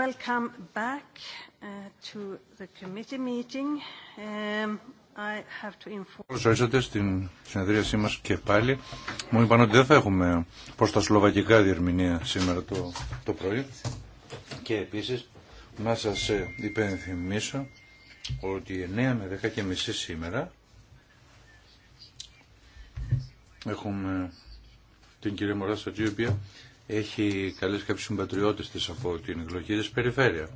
Welcome back uh, to the committee meeting. Um, I have to inform. στην συνεδρίασή μας και πάλι. Μου είπαν ότι δεν θα έχουμε προς τα σλοβακικά διερμηνία σήμερα το, πρωί. Και επίσης να σας ε, υπενθυμίσω ότι 9 με 10 και μισή σήμερα έχουμε την κυρία Μωρά Σατζή, η οποία έχει καλέσει κάποιους συμπατριώτες της από την εκλογική της περιφέρεια.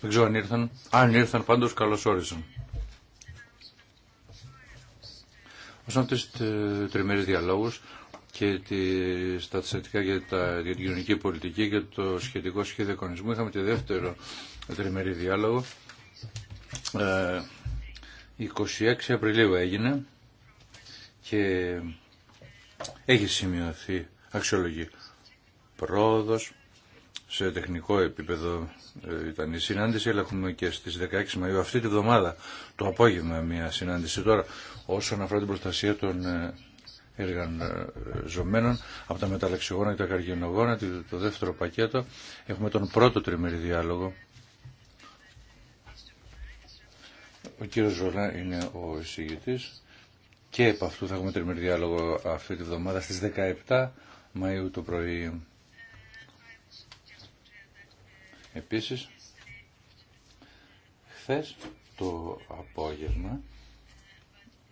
Δεν ξέρω αν ήρθαν. Αν ήρθαν πάντως καλώς όρισαν. Όσον αυτές τις τριμερές διαλόγους και τη, στατιστικά για, τα, την κοινωνική πολιτική και το σχετικό σχέδιο οικονομισμού είχαμε τη δεύτερο τριμερή διάλογο. 26 ε, Απριλίου έγινε και έχει σημειωθεί αξιολογή πρόοδος σε τεχνικό επίπεδο ε, ήταν η συνάντηση, αλλά έχουμε και στις 16 Μαΐου αυτή τη βδομάδα το απόγευμα μια συνάντηση τώρα όσον αφορά την προστασία των εργαζομένων ε, από τα μεταλλαξιγόνα και τα καρκινογόνα, το δεύτερο πακέτο. Έχουμε τον πρώτο τριμερή διάλογο. Ο κύριος Ζωλά είναι ο εισηγητής. Και από αυτού θα έχουμε τριμερή διάλογο αυτή τη βδομάδα στις 17 Μαΐου το πρωί. Επίσης, χθες το απόγευμα,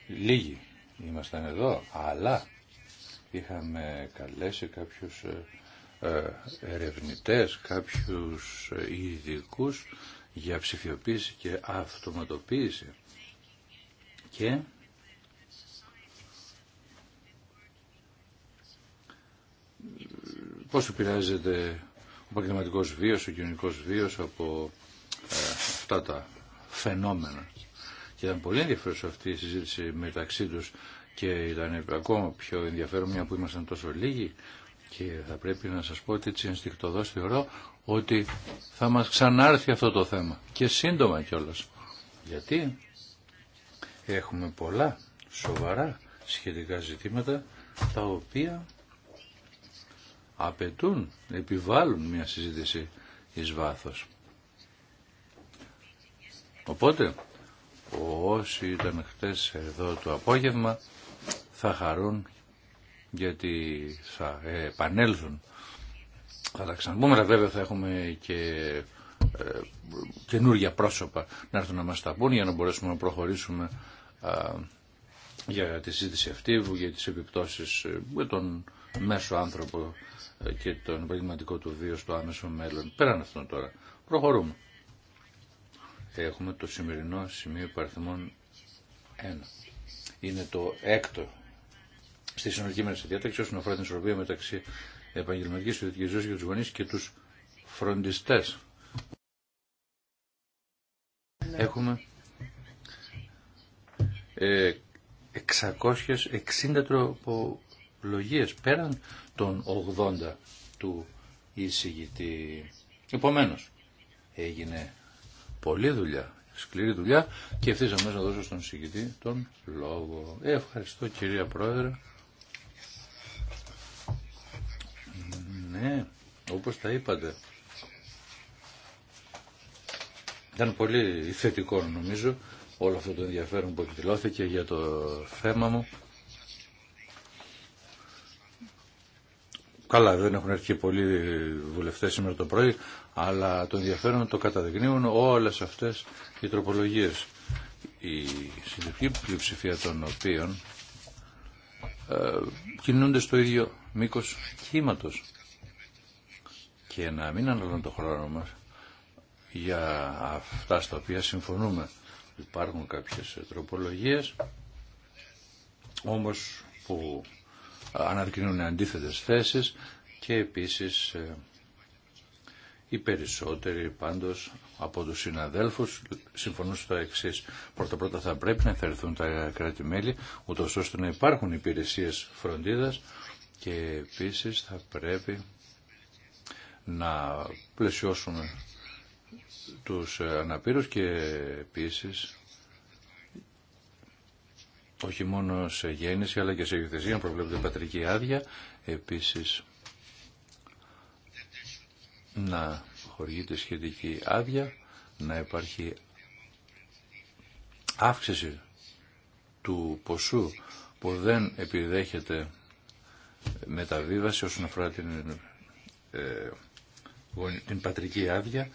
λίγοι ήμασταν εδώ, αλλά είχαμε καλέσει κάποιους ε, ε, ερευνητές, κάποιους ειδικού για ψηφιοποίηση και αυτοματοποίηση. Και πώς επηρεάζεται ο επαγγελματικό βίος, ο κοινωνικό βίος από ε, αυτά τα φαινόμενα. Και ήταν πολύ ενδιαφέρουσα αυτή η συζήτηση μεταξύ τους και ήταν ακόμα πιο ενδιαφέρον μια που ήμασταν τόσο λίγοι και θα πρέπει να σας πω ότι έτσι ενστικτοδός θεωρώ ότι θα μας ξανάρθει αυτό το θέμα και σύντομα κιόλας. Γιατί έχουμε πολλά σοβαρά σχετικά ζητήματα τα οποία απαιτούν, επιβάλλουν μια συζήτηση εις βάθος. Οπότε, όσοι ήταν χτες εδώ το απόγευμα θα χαρούν γιατί θα επανέλθουν. Θα τα ξαναπούμε, βέβαια θα έχουμε και ε, καινούργια πρόσωπα να έρθουν να μας τα πούν για να μπορέσουμε να προχωρήσουμε για τη συζήτηση αυτή, για τις επιπτώσεις ε, με των μέσο άνθρωπο ε, και τον πραγματικό του βίο στο άμεσο μέλλον. Πέραν αυτόν τώρα. Προχωρούμε. Έχουμε το σημερινό σημείο υπαριθμών 1. Είναι το έκτο στη συνολική τη διάταξη όσον αφορά την ισορροπία μεταξύ επαγγελματική και ιδιωτικής ζωή για του γονεί και του φροντιστέ. Έχουμε ε, 660 τρόπο πέραν των 80 του εισηγητή. Επομένως, έγινε πολλή δουλειά, σκληρή δουλειά και ευθύς αμέσως να δώσω στον εισηγητή τον λόγο. Ε, ευχαριστώ κυρία Πρόεδρε. Ναι, όπως τα είπατε. Ήταν πολύ θετικό νομίζω όλο αυτό το ενδιαφέρον που εκδηλώθηκε για το θέμα μου. Καλά, δεν έχουν έρθει και πολλοί βουλευτέ σήμερα το πρωί, αλλά το ενδιαφέρον το καταδεικνύουν όλε αυτέ οι τροπολογίε. Η συντριπτική πλειοψηφία των οποίων ε, κινούνται στο ίδιο μήκο κύματο. Και να μην αναλώνουμε το χρόνο μα για αυτά στα οποία συμφωνούμε. Υπάρχουν κάποιες τροπολογίες, όμως που αναδεικνύουν αντίθετες θέσεις και επίσης ε, οι περισσότεροι πάντως από τους συναδέλφους συμφωνούν στο εξής. Πρώτα πρώτα θα πρέπει να θεωρηθούν τα κράτη-μέλη ούτως ώστε να υπάρχουν υπηρεσίες φροντίδας και επίσης θα πρέπει να πλαισιώσουμε τους αναπήρους και επίσης όχι μόνο σε γέννηση αλλά και σε υιοθεσία, αν προβλέπεται πατρική άδεια, επίσης να χορηγείται σχετική άδεια, να υπάρχει αύξηση του ποσού που δεν επιδέχεται μεταβίβαση όσον αφορά την, ε, την πατρική άδεια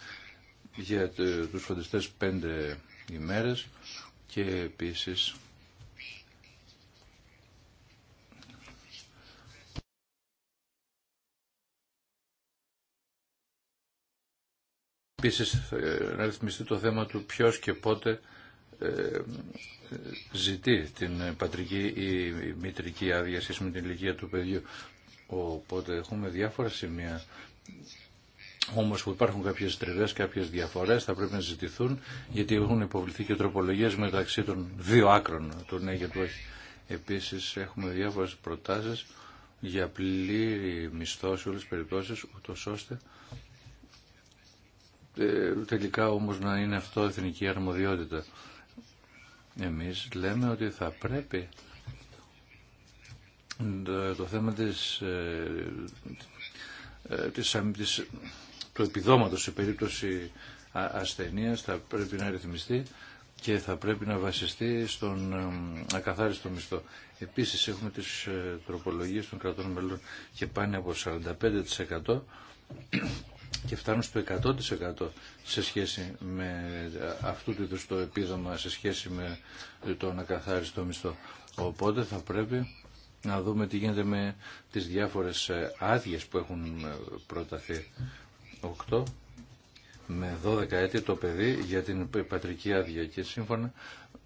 για τους φωτιστές πέντε ημέρες και επίσης Επίση ε, να ρυθμιστεί το θέμα του ποιο και πότε ε, ζητεί την πατρική ή μητρική άδεια σχέση με την ηλικία του παιδιού. Οπότε έχουμε διάφορα σημεία. Όμως που υπάρχουν κάποιες τριβές, κάποιες διαφορές θα πρέπει να ζητηθούν γιατί έχουν υποβληθεί και τροπολογίες μεταξύ των δύο άκρων του ναι και του όχι. Επίσης έχουμε διάφορες προτάσεις για πλήρη μισθό σε όλες τις περιπτώσεις ούτως ώστε ε, τελικά όμως να είναι αυτό εθνική αρμοδιότητα. Εμείς λέμε ότι θα πρέπει το, θέμα της, ε, ε, της, του επιδόματος σε περίπτωση ασθενείας θα πρέπει να ρυθμιστεί και θα πρέπει να βασιστεί στον ακαθάριστο μισθό. Επίσης έχουμε τις τροπολογίες των κρατών μελών και πάνε από 45% και φτάνουν στο 100% σε σχέση με αυτού του είδους το επίδομα, σε σχέση με το ανακαθάριστο μισθό. Οπότε θα πρέπει να δούμε τι γίνεται με τις διάφορες ε, άδειε που έχουν ε, προταθεί. 8 με 12 έτη το παιδί για την πατρική άδεια και σύμφωνα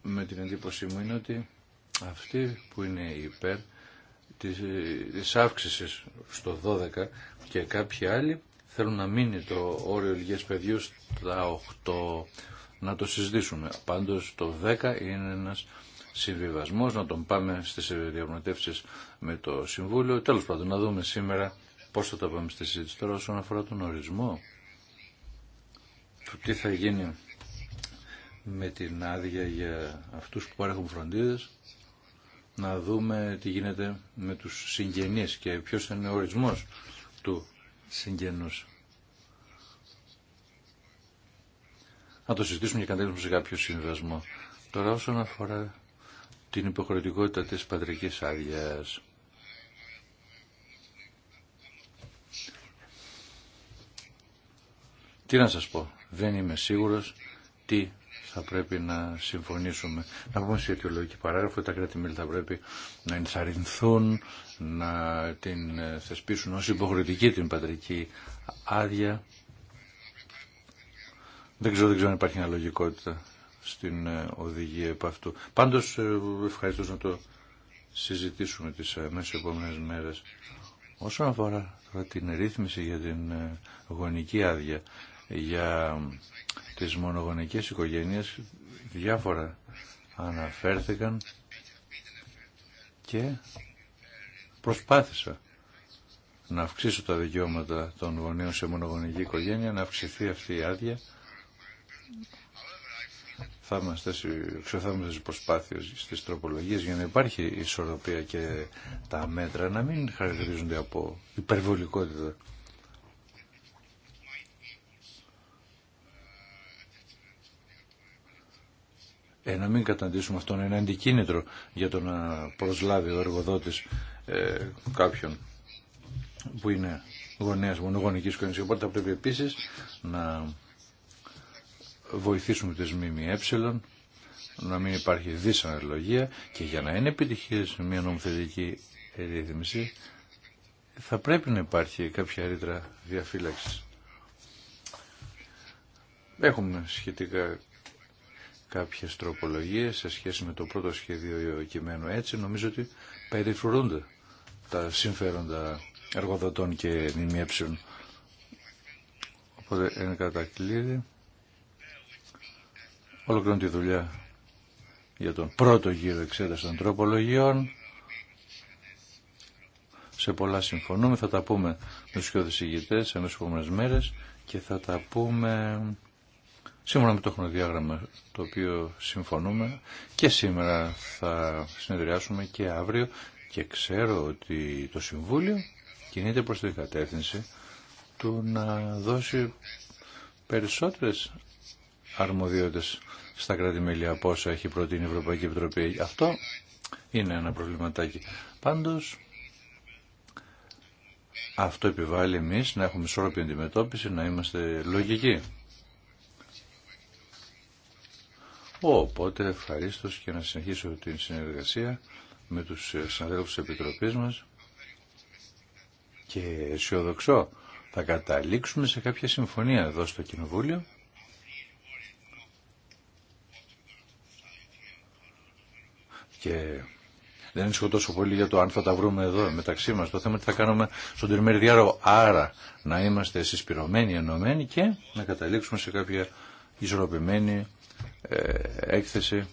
με την εντύπωσή μου είναι ότι αυτοί που είναι υπέρ της, ε, της αύξησης στο 12 και κάποιοι άλλοι θέλουν να μείνει το όριο ηλικίας παιδιού στα 8 να το συζητήσουμε. Πάντως το 10 είναι ένας συμβιβασμός, να τον πάμε στις διαπραγματεύσει με το Συμβούλιο. Τέλος πάντων, να δούμε σήμερα πώς θα τα πάμε στη συζήτηση τώρα όσον αφορά τον ορισμό. Το τι θα γίνει με την άδεια για αυτούς που παρέχουν φροντίδες. Να δούμε τι γίνεται με τους συγγενείς και ποιος είναι ο ορισμός του συγγενούς. Να το συζητήσουμε και κατέληξουμε σε κάποιο συμβασμό. Τώρα όσον αφορά την υποχρεωτικότητα της πατρικής άδεια. Τι να σας πω, δεν είμαι σίγουρος τι θα πρέπει να συμφωνήσουμε. Να πούμε σε αιτιολογική παράγραφο τα κράτη-μέλη θα πρέπει να ενθαρρυνθούν, να την ε, θεσπίσουν ως υποχρεωτική την πατρική άδεια. Δεν ξέρω, δεν ξέρω αν υπάρχει αναλογικότητα στην ε, οδηγία επ' αυτού. Πάντως ε, ευχαριστώ να το συζητήσουμε τις μέσα επόμενες μέρες. Όσον αφορά την ρύθμιση για την γονική άδεια, για τις μονογονικές οικογένειες διάφορα αναφέρθηκαν και προσπάθησα να αυξήσω τα δικαιώματα των γονέων σε μονογονική οικογένεια, να αυξηθεί αυτή η άδεια. Θα είμαστε στις προσπάθειες, στις τροπολογίες για να υπάρχει ισορροπία και τα μέτρα να μην χαρακτηρίζονται από υπερβολικότητα. ε, να μην καταντήσουμε αυτό να αντικίνητρο για το να προσλάβει ο εργοδότης ε, κάποιον που είναι γονέας μονογονικής οικογένειας. Οπότε θα πρέπει επίσης να βοηθήσουμε τις ΜΜΕ να μην υπάρχει δυσαναλογία και για να είναι επιτυχής μια νομοθετική ρύθμιση θα πρέπει να υπάρχει κάποια ρήτρα διαφύλαξης. Έχουμε σχετικά κάποιες τροπολογίες σε σχέση με το πρώτο σχέδιο κειμένου. Έτσι νομίζω ότι περιφρουρούνται τα συμφέροντα εργοδοτών και μιμιέψεων Οπότε είναι κατακλείδη ολοκληρώνει τη δουλειά για τον πρώτο γύρο εξέταση των τροπολογιών. Σε πολλά συμφωνούμε, θα τα πούμε με τους πιο ηγητές σε επόμενες μέρες και θα τα πούμε σύμφωνα με το χρονοδιάγραμμα το οποίο συμφωνούμε και σήμερα θα συνεδριάσουμε και αύριο και ξέρω ότι το Συμβούλιο κινείται προς την κατεύθυνση του να δώσει περισσότερες αρμοδιότητες στα κράτη-μέλη από όσα έχει προτείνει η Ευρωπαϊκή Επιτροπή. Αυτό είναι ένα προβληματάκι. Πάντως, αυτό επιβάλλει εμείς να έχουμε σώροπη αντιμετώπιση, να είμαστε λογικοί. Οπότε ευχαρίστω και να συνεχίσω την συνεργασία με τους ε, συναδέλφους της Επιτροπής μας και αισιοδοξώ θα καταλήξουμε σε κάποια συμφωνία εδώ στο Κοινοβούλιο και δεν είναι τόσο πολύ για το αν θα τα βρούμε εδώ μεταξύ μας. Το θέμα τι θα κάνουμε στον τριμέρι Άρα να είμαστε συσπηρωμένοι, ενωμένοι και να καταλήξουμε σε κάποια ισορροπημένη ε, έκθεση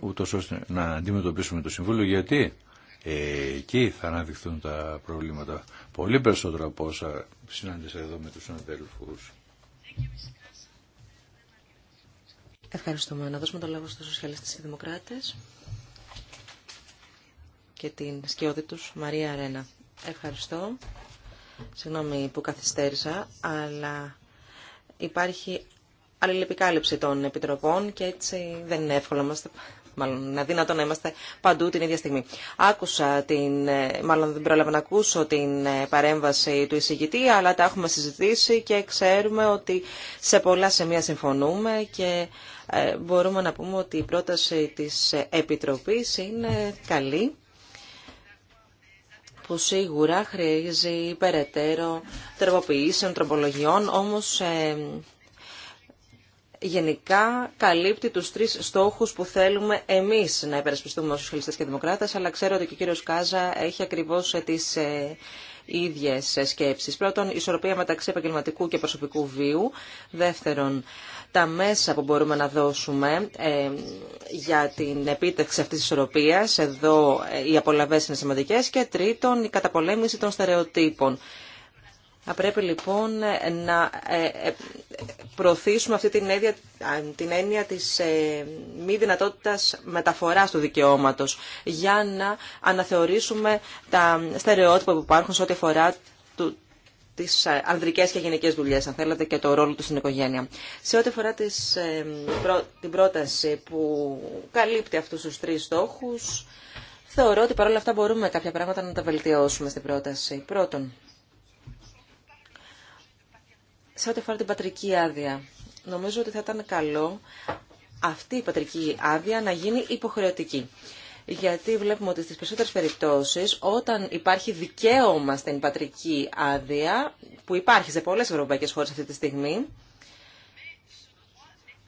ούτως ώστε να αντιμετωπίσουμε το Συμβούλιο γιατί εκεί θα αναδειχθούν τα προβλήματα πολύ περισσότερο από όσα συνάντησα εδώ με τους συναδέλφους. Ευχαριστούμε. Να δώσουμε το λόγο στους σοσιαλιστές και δημοκράτες και την σκιώδη τους Μαρία Αρένα. Ευχαριστώ. Συγγνώμη που καθυστέρησα, αλλά υπάρχει αλληλεπικάλυψη των επιτροπών και έτσι δεν είναι εύκολο να είμαστε, μάλλον αδύνατο να είμαστε παντού την ίδια στιγμή. Άκουσα την, ε, μάλλον δεν πρόλαβα να ακούσω την ε, παρέμβαση του εισηγητή, αλλά τα έχουμε συζητήσει και ξέρουμε ότι σε πολλά σημεία συμφωνούμε και ε, μπορούμε να πούμε ότι η πρόταση της Επιτροπής είναι καλή που σίγουρα χρειάζει περαιτέρω τροποποιήσεων, τροπολογιών, όμως γενικά καλύπτει τους τρεις στόχους που θέλουμε εμείς να υπερασπιστούμε ως σοσιαλιστές και δημοκράτες, αλλά ξέρω ότι και ο κύριος Κάζα έχει ακριβώς ε, τις ε, ίδιες ε, σκέψεις. Πρώτον, ισορροπία μεταξύ επαγγελματικού και προσωπικού βίου. Δεύτερον, τα μέσα που μπορούμε να δώσουμε για την επίτευξη αυτής της ισορροπίας. Εδώ οι απολαβές είναι σημαντικές. Και τρίτον, η καταπολέμηση των στερεοτύπων. Θα πρέπει λοιπόν να ε, ε, προωθήσουμε αυτή την έννοια, την της ε, μη δυνατότητας μεταφοράς του δικαιώματος για να αναθεωρήσουμε τα στερεότυπα που υπάρχουν σε ό,τι αφορά του, τις ανδρικές και γυναικές δουλειές, αν θέλετε, και το ρόλο του στην οικογένεια. Σε ό,τι αφορά την πρόταση που καλύπτει αυτούς τους τρεις στόχους, θεωρώ ότι παρόλα αυτά μπορούμε κάποια πράγματα να τα βελτιώσουμε στην πρόταση. Πρώτον, σε ό,τι αφορά την πατρική άδεια, νομίζω ότι θα ήταν καλό αυτή η πατρική άδεια να γίνει υποχρεωτική. Γιατί βλέπουμε ότι στις περισσότερες περιπτώσεις όταν υπάρχει δικαίωμα στην πατρική άδεια, που υπάρχει σε πολλές ευρωπαϊκές χώρες αυτή τη στιγμή,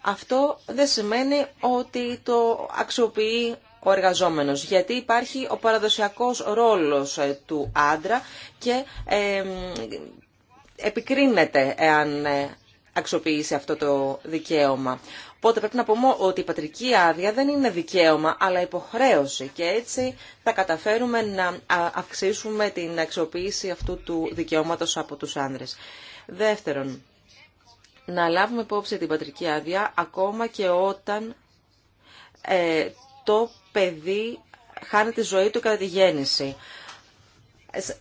αυτό δεν σημαίνει ότι το αξιοποιεί ο εργαζόμενος, γιατί υπάρχει ο παραδοσιακός ρόλος ε, του άντρα και ε, επικρίνεται εάν ε, αξιοποιήσει αυτό το δικαίωμα. Οπότε πρέπει να πούμε ότι η πατρική άδεια δεν είναι δικαίωμα, αλλά υποχρέωση. Και έτσι θα καταφέρουμε να αυξήσουμε την αξιοποίηση αυτού του δικαιώματος από τους άνδρες. Δεύτερον, να λάβουμε υπόψη την πατρική άδεια ακόμα και όταν ε, το παιδί χάνει τη ζωή του κατά τη γέννηση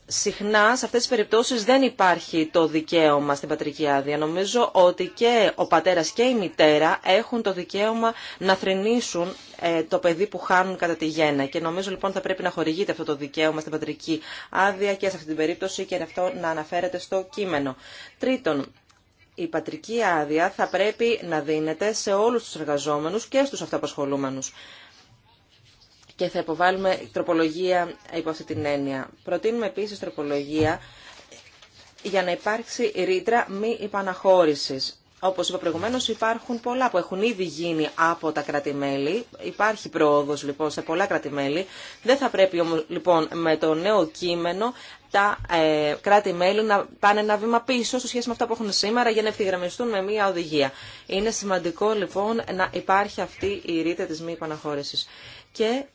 συχνά σε αυτές τις περιπτώσεις δεν υπάρχει το δικαίωμα στην πατρική άδεια. Νομίζω ότι και ο πατέρας και η μητέρα έχουν το δικαίωμα να θρηνήσουν ε, το παιδί που χάνουν κατά τη γέννα. Και νομίζω λοιπόν θα πρέπει να χορηγείται αυτό το δικαίωμα στην πατρική άδεια και σε αυτή την περίπτωση και αυτό να αναφέρεται στο κείμενο. Τρίτον, η πατρική άδεια θα πρέπει να δίνεται σε όλους τους εργαζόμενους και στους αυτοαπασχολούμενους και θα υποβάλουμε τροπολογία υπό αυτή την έννοια. Προτείνουμε επίσης τροπολογία για να υπάρξει ρήτρα μη υπαναχώρησης. Όπως είπα προηγουμένως υπάρχουν πολλά που έχουν ήδη γίνει από τα κρατη Υπάρχει πρόοδος λοιπόν σε πολλά Δεν θα πρέπει λοιπόν με το νέο κείμενο τα ε, κράτη-μέλη να πάνε ένα βήμα πίσω σε σχέση με αυτά που έχουν σήμερα για να ευθυγραμμιστούν με μία οδηγία. Είναι σημαντικό λοιπόν να υπάρχει αυτή η ρήτρα της μη επαναχώρησης. Και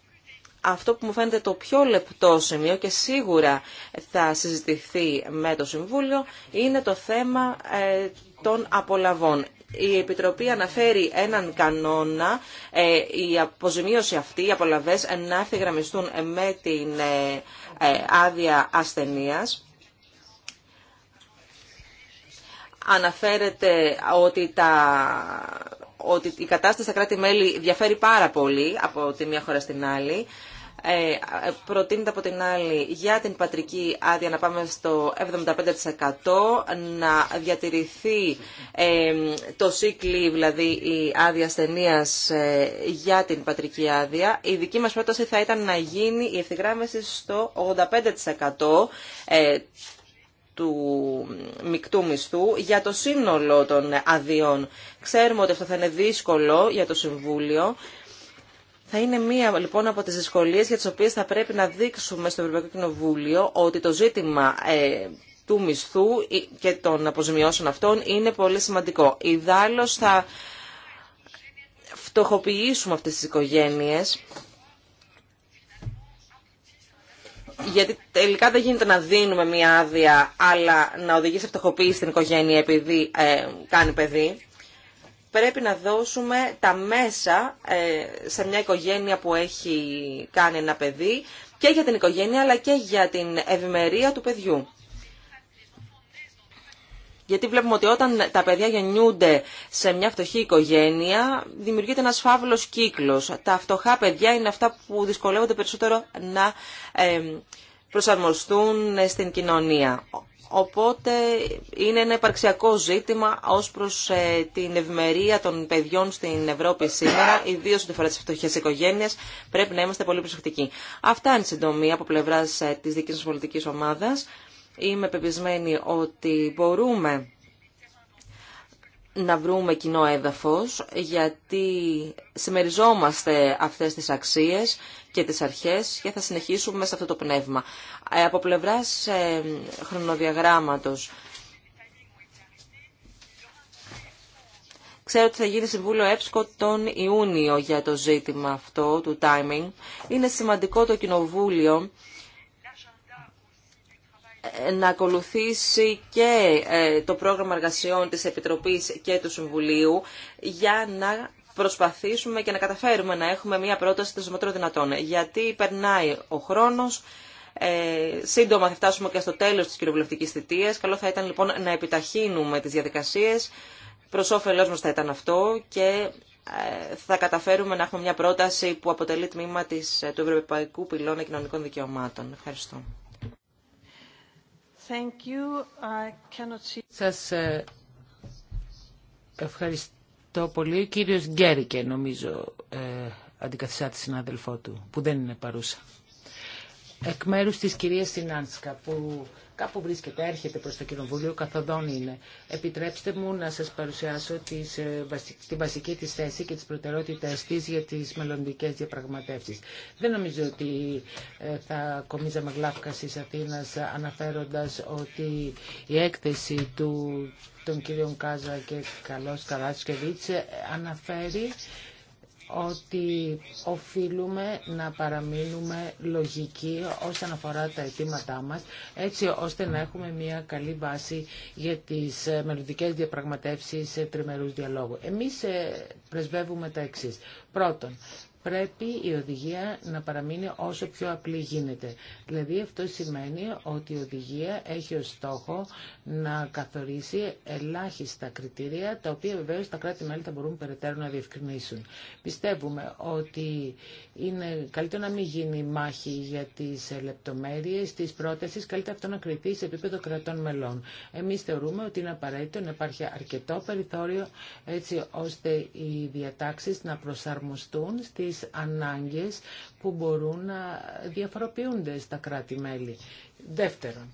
αυτό που μου φαίνεται το πιο λεπτό σημείο και σίγουρα θα συζητηθεί με το Συμβούλιο είναι το θέμα ε, των απολαβών. Η Επιτροπή αναφέρει έναν κανόνα, ε, η αποζημίωση αυτή, οι απολαβές, να ευθυγραμμιστούν με την ε, άδεια ασθενείας. Αναφέρεται ότι τα ότι η κατάσταση στα κράτη-μέλη διαφέρει πάρα πολύ από τη μία χώρα στην άλλη. Ε, προτείνεται από την άλλη για την πατρική άδεια να πάμε στο 75% να διατηρηθεί ε, το σύκλι, δηλαδή η άδεια ασθενεία ε, για την πατρική άδεια. Η δική μας πρόταση θα ήταν να γίνει η ευθυγράμμιση στο 85% του μεικτού μισθού για το σύνολο των αδειών. Ξέρουμε ότι αυτό θα είναι δύσκολο για το Συμβούλιο. Θα είναι μία λοιπόν από τις δυσκολίες για τις οποίες θα πρέπει να δείξουμε στο Ευρωπαϊκό Κοινοβούλιο ότι το ζήτημα ε, του μισθού και των αποζημιώσεων αυτών είναι πολύ σημαντικό. Ιδάλλως θα φτωχοποιήσουμε αυτές τις οικογένειες Γιατί τελικά δεν γίνεται να δίνουμε μία άδεια, αλλά να οδηγεί σε φτωχοποίηση στην οικογένεια επειδή ε, κάνει παιδί. Πρέπει να δώσουμε τα μέσα ε, σε μια οικογένεια που έχει κάνει ένα παιδί και για την οικογένεια αλλά και για την ευημερία του παιδιού. Γιατί βλέπουμε ότι όταν τα παιδιά γεννιούνται σε μια φτωχή οικογένεια, δημιουργείται ένας φαύλος κύκλος. Τα φτωχά παιδιά είναι αυτά που δυσκολεύονται περισσότερο να προσαρμοστούν στην κοινωνία. Οπότε είναι ένα υπαρξιακό ζήτημα ως προς ε, την ευμερία των παιδιών στην Ευρώπη σήμερα, ιδίως ό,τι φορά τις φτωχές οικογένειες, πρέπει να είμαστε πολύ προσεκτικοί. Αυτά είναι συντομία από πλευράς ε, της δικής μας πολιτικής ομάδας. Είμαι πεπισμένη ότι μπορούμε να βρούμε κοινό έδαφος, γιατί συμμεριζόμαστε αυτές τις αξίες και τις αρχές και θα συνεχίσουμε σε αυτό το πνεύμα. Ε, από πλευράς ε, χρονοδιαγράμματος, Ξέρω ότι θα γίνει Συμβούλιο ΕΠΣΚΟ τον Ιούνιο για το ζήτημα αυτό του timing. Είναι σημαντικό το Κοινοβούλιο να ακολουθήσει και ε, το πρόγραμμα εργασιών της Επιτροπής και του Συμβουλίου για να προσπαθήσουμε και να καταφέρουμε να έχουμε μια πρόταση των σημαντικών δυνατόν. Γιατί περνάει ο χρόνος, ε, σύντομα θα φτάσουμε και στο τέλος της κυριοβουλευτικής θητείας. Καλό θα ήταν λοιπόν να επιταχύνουμε τις διαδικασίες. Προς όφελός μας θα ήταν αυτό και ε, θα καταφέρουμε να έχουμε μια πρόταση που αποτελεί τμήμα της, του Ευρωπαϊκού Πυλώνα Κοινωνικών Δικαιωμάτων. Ευχαριστώ. Σας ε, ευχαριστώ πολύ. Ο κύριος Γκέρικε νομίζω ε, αντικαθιστά τη συνάδελφό του που δεν είναι παρούσα εκ μέρου της κυρίας Σινάνσκα που κάπου βρίσκεται, έρχεται προς το Κοινοβούλιο, καθοδόν είναι. Επιτρέψτε μου να σας παρουσιάσω τις, ε, τη βασική της θέση και τι προτεραιότητε τη για τις μελλοντικέ διαπραγματεύσεις. Δεν νομίζω ότι ε, θα κομίζαμε γλάφκα στι Αθήνα αναφέροντας ότι η έκθεση του, των κυρίων Κάζα και καλός ε, αναφέρει ότι οφείλουμε να παραμείνουμε λογικοί όσον αφορά τα αιτήματά μας, έτσι ώστε να έχουμε μια καλή βάση για τις ε, μελλοντικέ διαπραγματεύσεις σε τριμερούς διαλόγου. Εμείς ε, πρεσβεύουμε τα εξής. Πρώτον, πρέπει η οδηγία να παραμείνει όσο πιο απλή γίνεται. Δηλαδή αυτό σημαίνει ότι η οδηγία έχει ως στόχο να καθορίσει ελάχιστα κριτήρια, τα οποία βεβαίως τα κράτη-μέλη θα μπορούν περαιτέρω να διευκρινίσουν. Πιστεύουμε ότι είναι καλύτερο να μην γίνει μάχη για τις λεπτομέρειες της πρότασης, καλύτερα αυτό να κρυθεί σε επίπεδο κρατών μελών. Εμείς θεωρούμε ότι είναι απαραίτητο να υπάρχει αρκετό περιθώριο έτσι ώστε οι διατάξεις να προσαρμοστούν στις τις ανάγκες που μπορούν να διαφοροποιούνται στα κράτη-μέλη. Δεύτερον,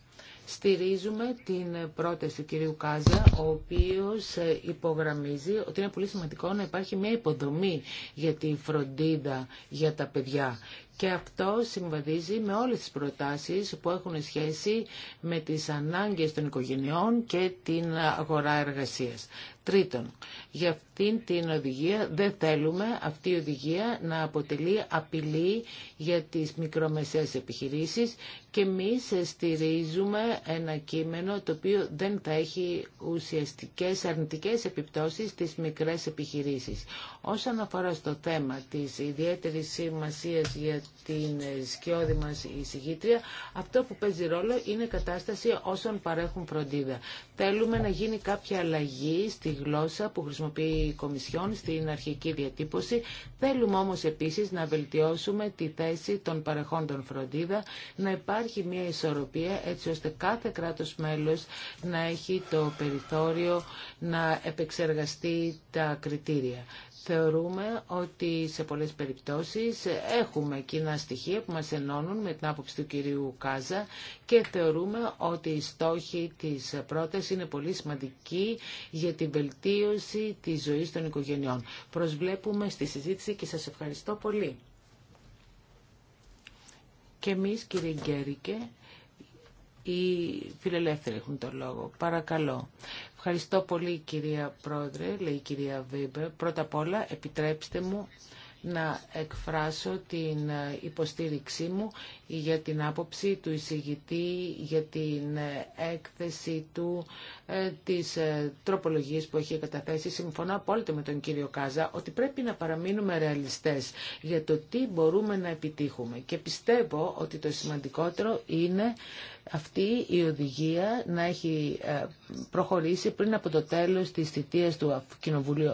στηρίζουμε την πρόταση του κυρίου Κάζα, ο οποίος ε, υπογραμμίζει ότι είναι πολύ σημαντικό να υπάρχει μια υποδομή για τη φροντίδα για τα παιδιά. Και αυτό συμβαδίζει με όλες τις προτάσεις που έχουν σχέση με τις ανάγκες των οικογενειών και την αγορά εργασίας. Τρίτον, για αυτήν την οδηγία δεν θέλουμε αυτή η οδηγία να αποτελεί απειλή για τις μικρομεσαίες επιχειρήσεις και εμεί στηρίζουμε ένα κείμενο το οποίο δεν θα έχει ουσιαστικές αρνητικές επιπτώσεις στις μικρές επιχειρήσεις. Όσον αφορά στο θέμα της ιδιαίτερης σημασίας για την σκιώδη μας εισηγήτρια, αυτό που παίζει ρόλο είναι η κατάσταση όσων παρέχουν φροντίδα. Θέλουμε να γίνει κάποια αλλαγή στη γλώσσα που χρησιμοποιεί η Κομισιόν στην αρχική διατύπωση. Θέλουμε όμως επίσης να βελτιώσουμε τη θέση των παρεχόντων φροντίδα, να υπάρχει μια ισορροπία έτσι ώστε κάθε κράτος μέλος να έχει το περιθώριο να επεξεργαστεί τα κριτήρια θεωρούμε ότι σε πολλές περιπτώσεις έχουμε κοινά στοιχεία που μας ενώνουν με την άποψη του κυρίου Κάζα και θεωρούμε ότι οι στόχοι της πρότασης είναι πολύ σημαντικοί για την βελτίωση της ζωής των οικογενειών. Προσβλέπουμε στη συζήτηση και σας ευχαριστώ πολύ. Και εμείς κύριε Γκέρικε, οι φιλελεύθεροι έχουν το λόγο. Παρακαλώ. Ευχαριστώ πολύ κυρία Πρόεδρε, λέει η κυρία Βίμπερ. Πρώτα απ' όλα επιτρέψτε μου να εκφράσω την υποστήριξή μου για την άποψη του εισηγητή, για την ε, έκθεση του, ε, της ε, τρόπολογίας που έχει καταθέσει. Συμφωνώ απόλυτα με τον κύριο Κάζα ότι πρέπει να παραμείνουμε ρεαλιστές για το τι μπορούμε να επιτύχουμε. Και πιστεύω ότι το σημαντικότερο είναι αυτή η οδηγία να έχει προχωρήσει πριν από το τέλος της θητείας του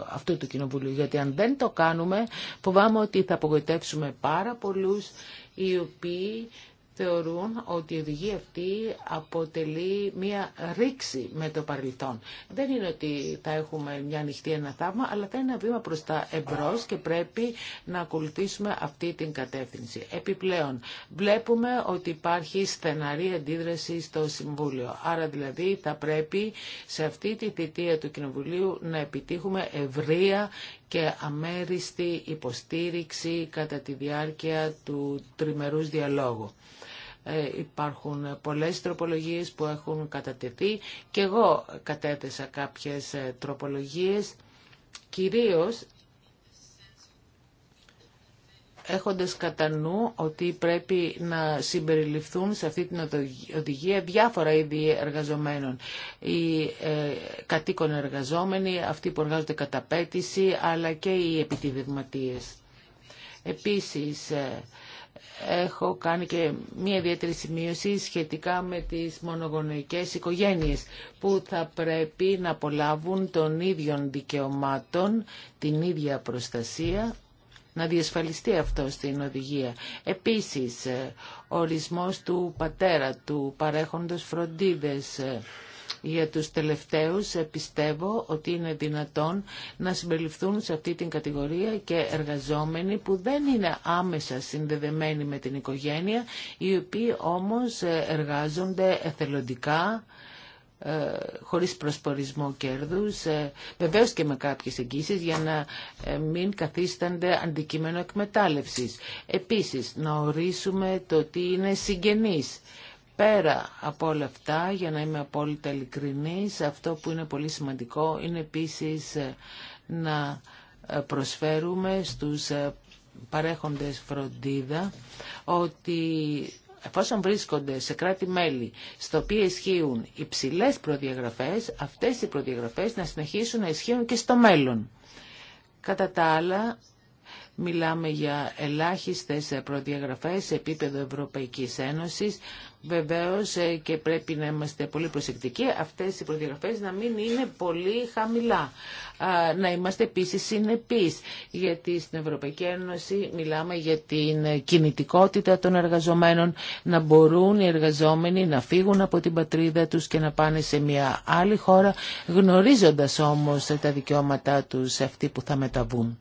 αυτού του κοινοβουλίου. Γιατί αν δεν το κάνουμε φοβάμαι ότι θα απογοητεύσουμε πάρα πολλούς οι οποίοι θεωρούν ότι η οδηγία αυτή αποτελεί μία ρήξη με το παρελθόν. Δεν είναι ότι θα έχουμε μια ανοιχτή ένα θαύμα, αλλά θα είναι ένα βήμα προς τα εμπρός και πρέπει να ακολουθήσουμε αυτή την κατεύθυνση. Επιπλέον, βλέπουμε ότι υπάρχει στεναρή αντίδραση στο Συμβούλιο. Άρα δηλαδή θα πρέπει σε αυτή τη θητεία του Κοινοβουλίου να επιτύχουμε ευρεία και αμέριστη υποστήριξη κατά τη διάρκεια του τριμερούς διαλόγου. Ε, υπάρχουν πολλές τροπολογίες που έχουν κατατεθεί και εγώ κατέθεσα κάποιες ε, τροπολογίες κυρίως έχοντας κατά νου ότι πρέπει να συμπεριληφθούν σε αυτή την οδηγία διάφορα είδη εργαζομένων. Οι ε, κατοίκων εργαζόμενοι, αυτοί που εργάζονται κατά πέτηση, αλλά και οι επιτιδευματίες. Επίσης, ε, έχω κάνει και μία ιδιαίτερη σημείωση σχετικά με τις μονογονεϊκές οικογένειες που θα πρέπει να απολάβουν των ίδιων δικαιωμάτων την ίδια προστασία να διασφαλιστεί αυτό στην οδηγία. Επίσης, ε, ορισμός του πατέρα του παρέχοντος φροντίδες ε, για τους τελευταίους ε, πιστεύω ότι είναι δυνατόν να συμπεριληφθούν σε αυτή την κατηγορία και εργαζόμενοι που δεν είναι άμεσα συνδεδεμένοι με την οικογένεια, οι οποίοι όμως εργάζονται εθελοντικά ε, χωρίς προσπορισμό κέρδους, ε, βεβαίως και με κάποιες εγγύσεις για να ε, μην καθίστανται αντικείμενο εκμετάλλευσης. Επίσης, να ορίσουμε το τι είναι συγγενής. Πέρα από όλα αυτά, για να είμαι απόλυτα ειλικρινής, αυτό που είναι πολύ σημαντικό είναι επίσης να προσφέρουμε στους παρέχοντες φροντίδα ότι εφόσον βρίσκονται σε κράτη-μέλη στο οποίο ισχύουν υψηλέ προδιαγραφές, αυτέ οι προδιαγραφές να συνεχίσουν να ισχύουν και στο μέλλον. Κατά τα άλλα, Μιλάμε για ελάχιστες προδιαγραφές σε επίπεδο Ευρωπαϊκής Ένωσης. Βεβαίως ε, και πρέπει να είμαστε πολύ προσεκτικοί αυτές οι προδιαγραφές να μην είναι πολύ χαμηλά. Να είμαστε επίσης συνεπείς, γιατί στην Ευρωπαϊκή Ένωση μιλάμε για την κινητικότητα των εργαζομένων, να μπορούν οι εργαζόμενοι να φύγουν από την πατρίδα τους και να πάνε σε μια άλλη χώρα, γνωρίζοντας όμως τα δικαιώματά τους αυτοί που θα μεταβούν.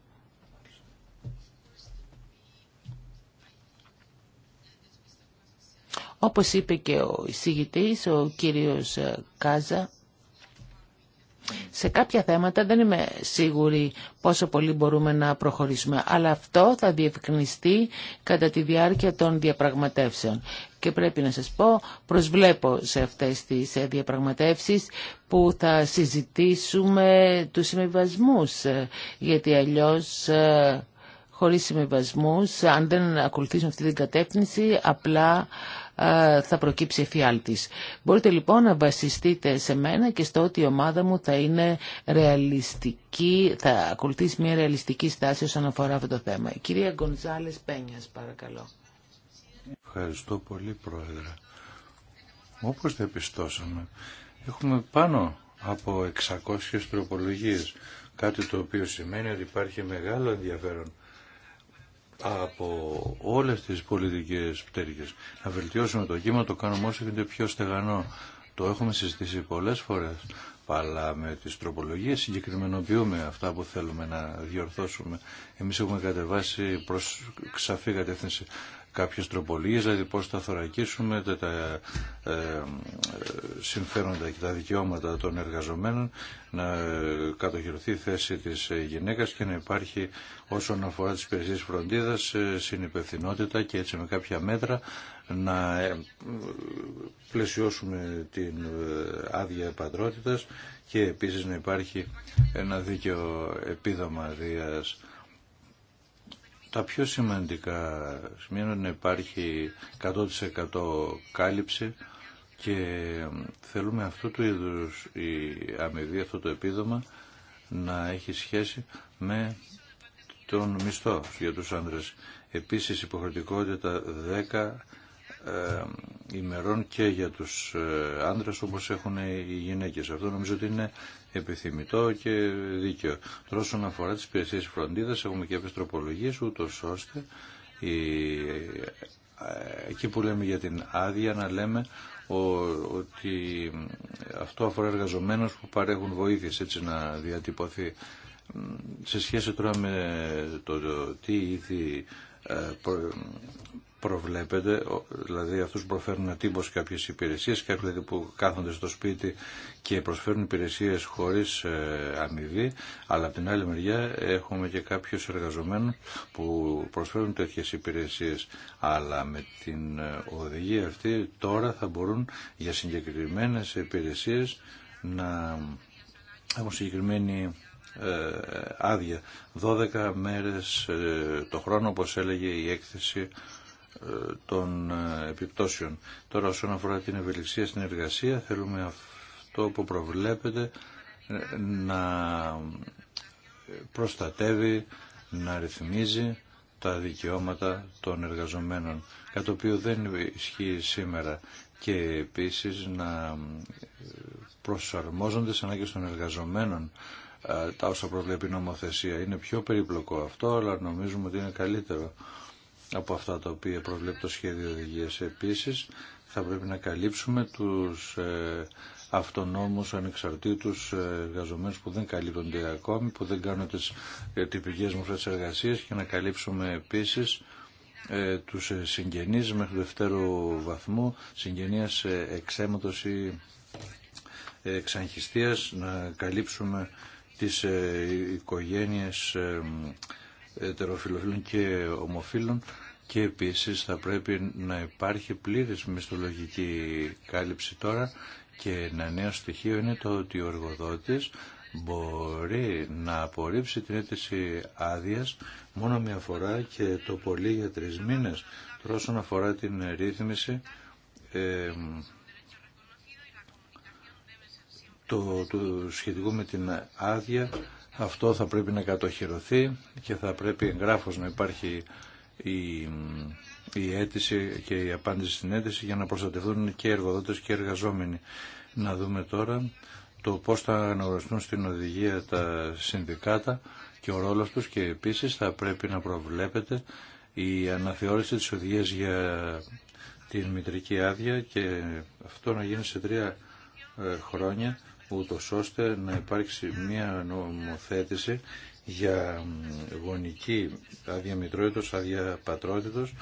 Όπως είπε και ο εισηγητής, ο κύριος ε, Κάζα, σε κάποια θέματα δεν είμαι σίγουρη πόσο πολύ μπορούμε να προχωρήσουμε, αλλά αυτό θα διευκρινιστεί κατά τη διάρκεια των διαπραγματεύσεων. Και πρέπει να σας πω, προσβλέπω σε αυτές τις ε, διαπραγματεύσεις που θα συζητήσουμε τους συμβιβασμούς, ε, γιατί αλλιώς χωρίς συμβιβασμούς, αν δεν ακολουθήσουμε αυτή την κατεύθυνση, απλά ε, θα προκύψει εφιάλτης. Μπορείτε λοιπόν να βασιστείτε σε μένα και στο ότι η ομάδα μου θα είναι ρεαλιστική, θα ακολουθήσει μια ρεαλιστική στάση όσον αφορά αυτό το θέμα. κυρία Γκονζάλες Πένιας παρακαλώ. Ευχαριστώ πολύ Πρόεδρε. Όπως διαπιστώσαμε, έχουμε πάνω από 600 τροπολογίες, κάτι το οποίο σημαίνει ότι υπάρχει μεγάλο ενδιαφέρον από όλες τις πολιτικές πτέρυγες. Να βελτιώσουμε το κύμα, το κάνουμε όσο γίνεται πιο στεγανό. Το έχουμε συζητήσει πολλές φορές, αλλά με τις τροπολογίες συγκεκριμενοποιούμε αυτά που θέλουμε να διορθώσουμε. Εμείς έχουμε κατεβάσει προς ξαφή κατεύθυνση κάποιες τροπολίες, δηλαδή πώς θα θωρακίσουμε τα, τα ε, συμφέροντα και τα δικαιώματα των εργαζομένων, να κατοχυρωθεί η θέση της γυναίκας και να υπάρχει όσον αφορά τις υπηρεσίες φροντίδας ε, συνυπευθυνότητα και έτσι με κάποια μέτρα να ε, πλαισιώσουμε την ε, άδεια επαντρότητας και επίσης να υπάρχει ένα δίκαιο επίδομα δίας τα πιο σημαντικά σημεία να υπάρχει 100% κάλυψη και θέλουμε αυτό του είδους η αμοιβή, αυτό το επίδομα να έχει σχέση με τον μισθό για τους άνδρες. Επίσης υποχρεωτικότητα ε, ημερών και για τους ε, άντρες όπως έχουν οι γυναίκες. Αυτό νομίζω ότι είναι επιθυμητό και δίκαιο. Τώρα όσον αφορά τις υπηρεσίες φροντίδας έχουμε και κάποιες τροπολογίες ούτως ώστε η... Ε, εκεί που λέμε για την άδεια να λέμε ότι αυτό αφορά εργαζομένους που παρέχουν βοήθειες έτσι να διατυπωθεί σε σχέση τώρα με το, τι ήδη. Ε, προβλέπεται, δηλαδή αυτούς που προφέρουν τύπος κάποιες υπηρεσίες, κάποιοι δηλαδή που κάθονται στο σπίτι και προσφέρουν υπηρεσίες χωρίς ε, αμοιβή, αλλά από την άλλη μεριά έχουμε και κάποιους εργαζομένους που προσφέρουν τέτοιες υπηρεσίες, αλλά με την ε, οδηγία αυτή τώρα θα μπορούν για συγκεκριμένες υπηρεσίες να έχουν συγκεκριμένη ε, άδεια. 12 μέρες ε, το χρόνο, όπως έλεγε η έκθεση ε, των επιπτώσεων. Τώρα όσον αφορά την ευελιξία στην εργασία, θέλουμε αυτό που προβλέπεται να προστατεύει, να ρυθμίζει τα δικαιώματα των εργαζομένων, κάτι το οποίο δεν ισχύει σήμερα και επίσης να προσαρμόζονται σαν και των εργαζομένων ε, τα όσα προβλέπει η νομοθεσία. Είναι πιο περίπλοκο αυτό, αλλά νομίζουμε ότι είναι καλύτερο από αυτά τα οποία προβλέπει το σχέδιο οδηγία. Επίσης, θα πρέπει να καλύψουμε τους ε, αυτονόμους, ανεξαρτήτου ε, εργαζομένου που δεν καλύπτονται ακόμη, που δεν κάνουν τις τυπικές μου μορφέ και να καλύψουμε επίσης τους συγγενείς μέχρι δευτέρου βαθμού, συγγενείας εξαίματος ή εξαγχιστίας, να καλύψουμε τις ε, οικογένειες ε, τεροφιλοφίλων και ομοφίλων και επίσης θα πρέπει να υπάρχει πλήρης μισθολογική κάλυψη τώρα και ένα νέο στοιχείο είναι το ότι ο εργοδότης μπορεί να απορρίψει την αίτηση άδεια μόνο μια φορά και το πολύ για τρεις μήνες. Τώρα όσον αφορά την ρύθμιση ε, το, το σχετικό με την άδεια αυτό θα πρέπει να κατοχυρωθεί και θα πρέπει εγγράφως να υπάρχει η, η αίτηση και η απάντηση στην αίτηση για να προστατευτούν και εργοδότες και εργαζόμενοι. Να δούμε τώρα το πώς θα αναγνωριστούν στην οδηγία τα συνδικάτα και ο ρόλος τους και επίσης θα πρέπει να προβλέπεται η αναθεώρηση της οδηγίας για την μητρική άδεια και αυτό να γίνει σε τρία ε, χρόνια ούτω ώστε να υπάρξει μια νομοθέτηση για γονική άδεια μητρότητος,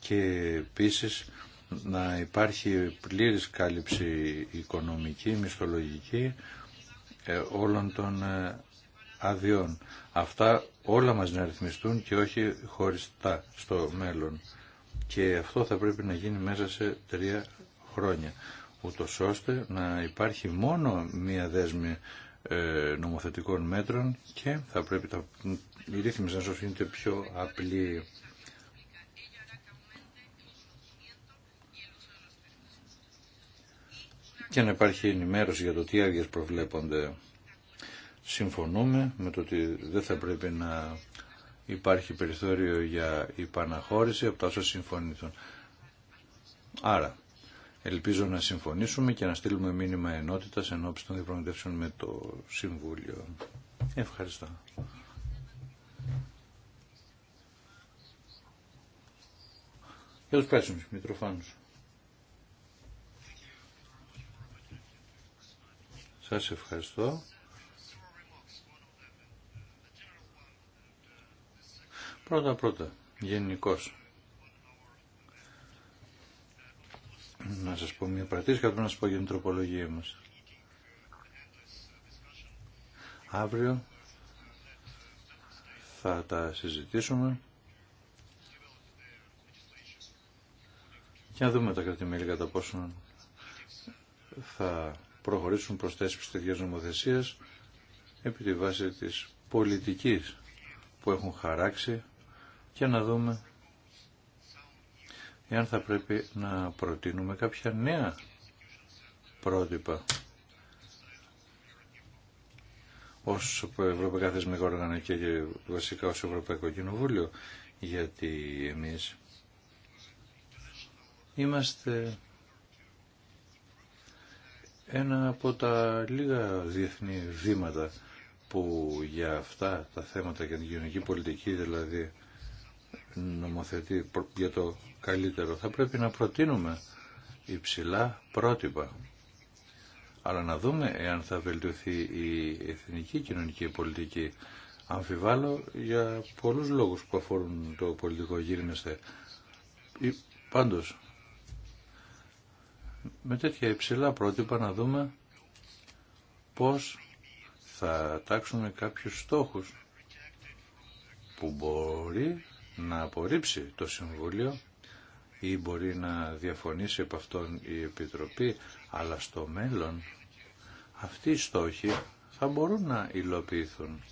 και επίση να υπάρχει πλήρης κάλυψη οικονομική, μισθολογική ε, όλων των ε, αδειών. Αυτά όλα μας να ρυθμιστούν και όχι χωριστά στο μέλλον. Και αυτό θα πρέπει να γίνει μέσα σε τρία χρόνια ούτω ώστε να υπάρχει μόνο μία δέσμη ε, νομοθετικών μέτρων και θα πρέπει τα, η ρύθμιση να σας πιο απλή. και να υπάρχει ενημέρωση για το τι άδειες προβλέπονται. Συμφωνούμε με το ότι δεν θα πρέπει να υπάρχει περιθώριο για υπαναχώρηση από τα όσα συμφωνήθουν. Άρα, Ελπίζω να συμφωνήσουμε και να στείλουμε μήνυμα ενότητας εν των διαπραγματεύσεων με το Συμβούλιο. Ευχαριστώ. Για τους πράσινους μητροφάνους. Σας ευχαριστώ. Πρώτα πρώτα, γενικώς. να σας πω μια πρατήση και να σας πω για την τροπολογία μας. Αύριο θα τα συζητήσουμε και να δούμε τα κρατημέλη κατά πόσο θα προχωρήσουν προς θέσεις της νομοθεσίες επί τη βάση της πολιτικής που έχουν χαράξει και να δούμε εάν θα πρέπει να προτείνουμε κάποια νέα πρότυπα ως Ευρωπαϊκά Θεσμικά Όργανα και βασικά ως Ευρωπαϊκό Κοινοβούλιο γιατί εμείς είμαστε ένα από τα λίγα διεθνή βήματα που για αυτά τα θέματα και την κοινωνική πολιτική δηλαδή νομοθετεί για το καλύτερο. Θα πρέπει να προτείνουμε υψηλά πρότυπα. Αλλά να δούμε εάν θα βελτιωθεί η εθνική κοινωνική πολιτική. Αμφιβάλλω για πολλούς λόγους που αφορούν το πολιτικό ή Πάντως, με τέτοια υψηλά πρότυπα να δούμε πώς θα τάξουμε κάποιους στόχους που μπορεί να απορρίψει το Συμβούλιο ή μπορεί να διαφωνήσει από αυτόν η Επιτροπή, αλλά στο μέλλον αυτοί οι στόχοι θα μπορούν να υλοποιηθούν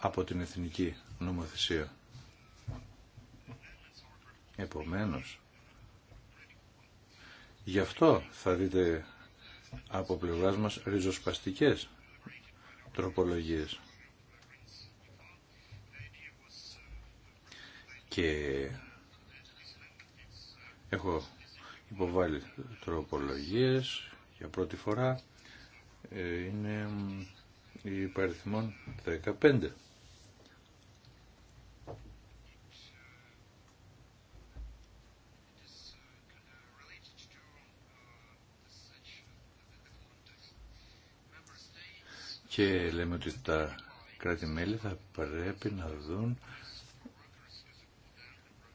από την εθνική νομοθεσία. Επομένως, γι' αυτό θα δείτε από πλευράς μας ριζοσπαστικές τροπολογίες. και έχω υποβάλει τροπολογίες για πρώτη φορά ε, είναι η παριθμόν 15. Και λέμε ότι τα κράτη-μέλη θα πρέπει να δουν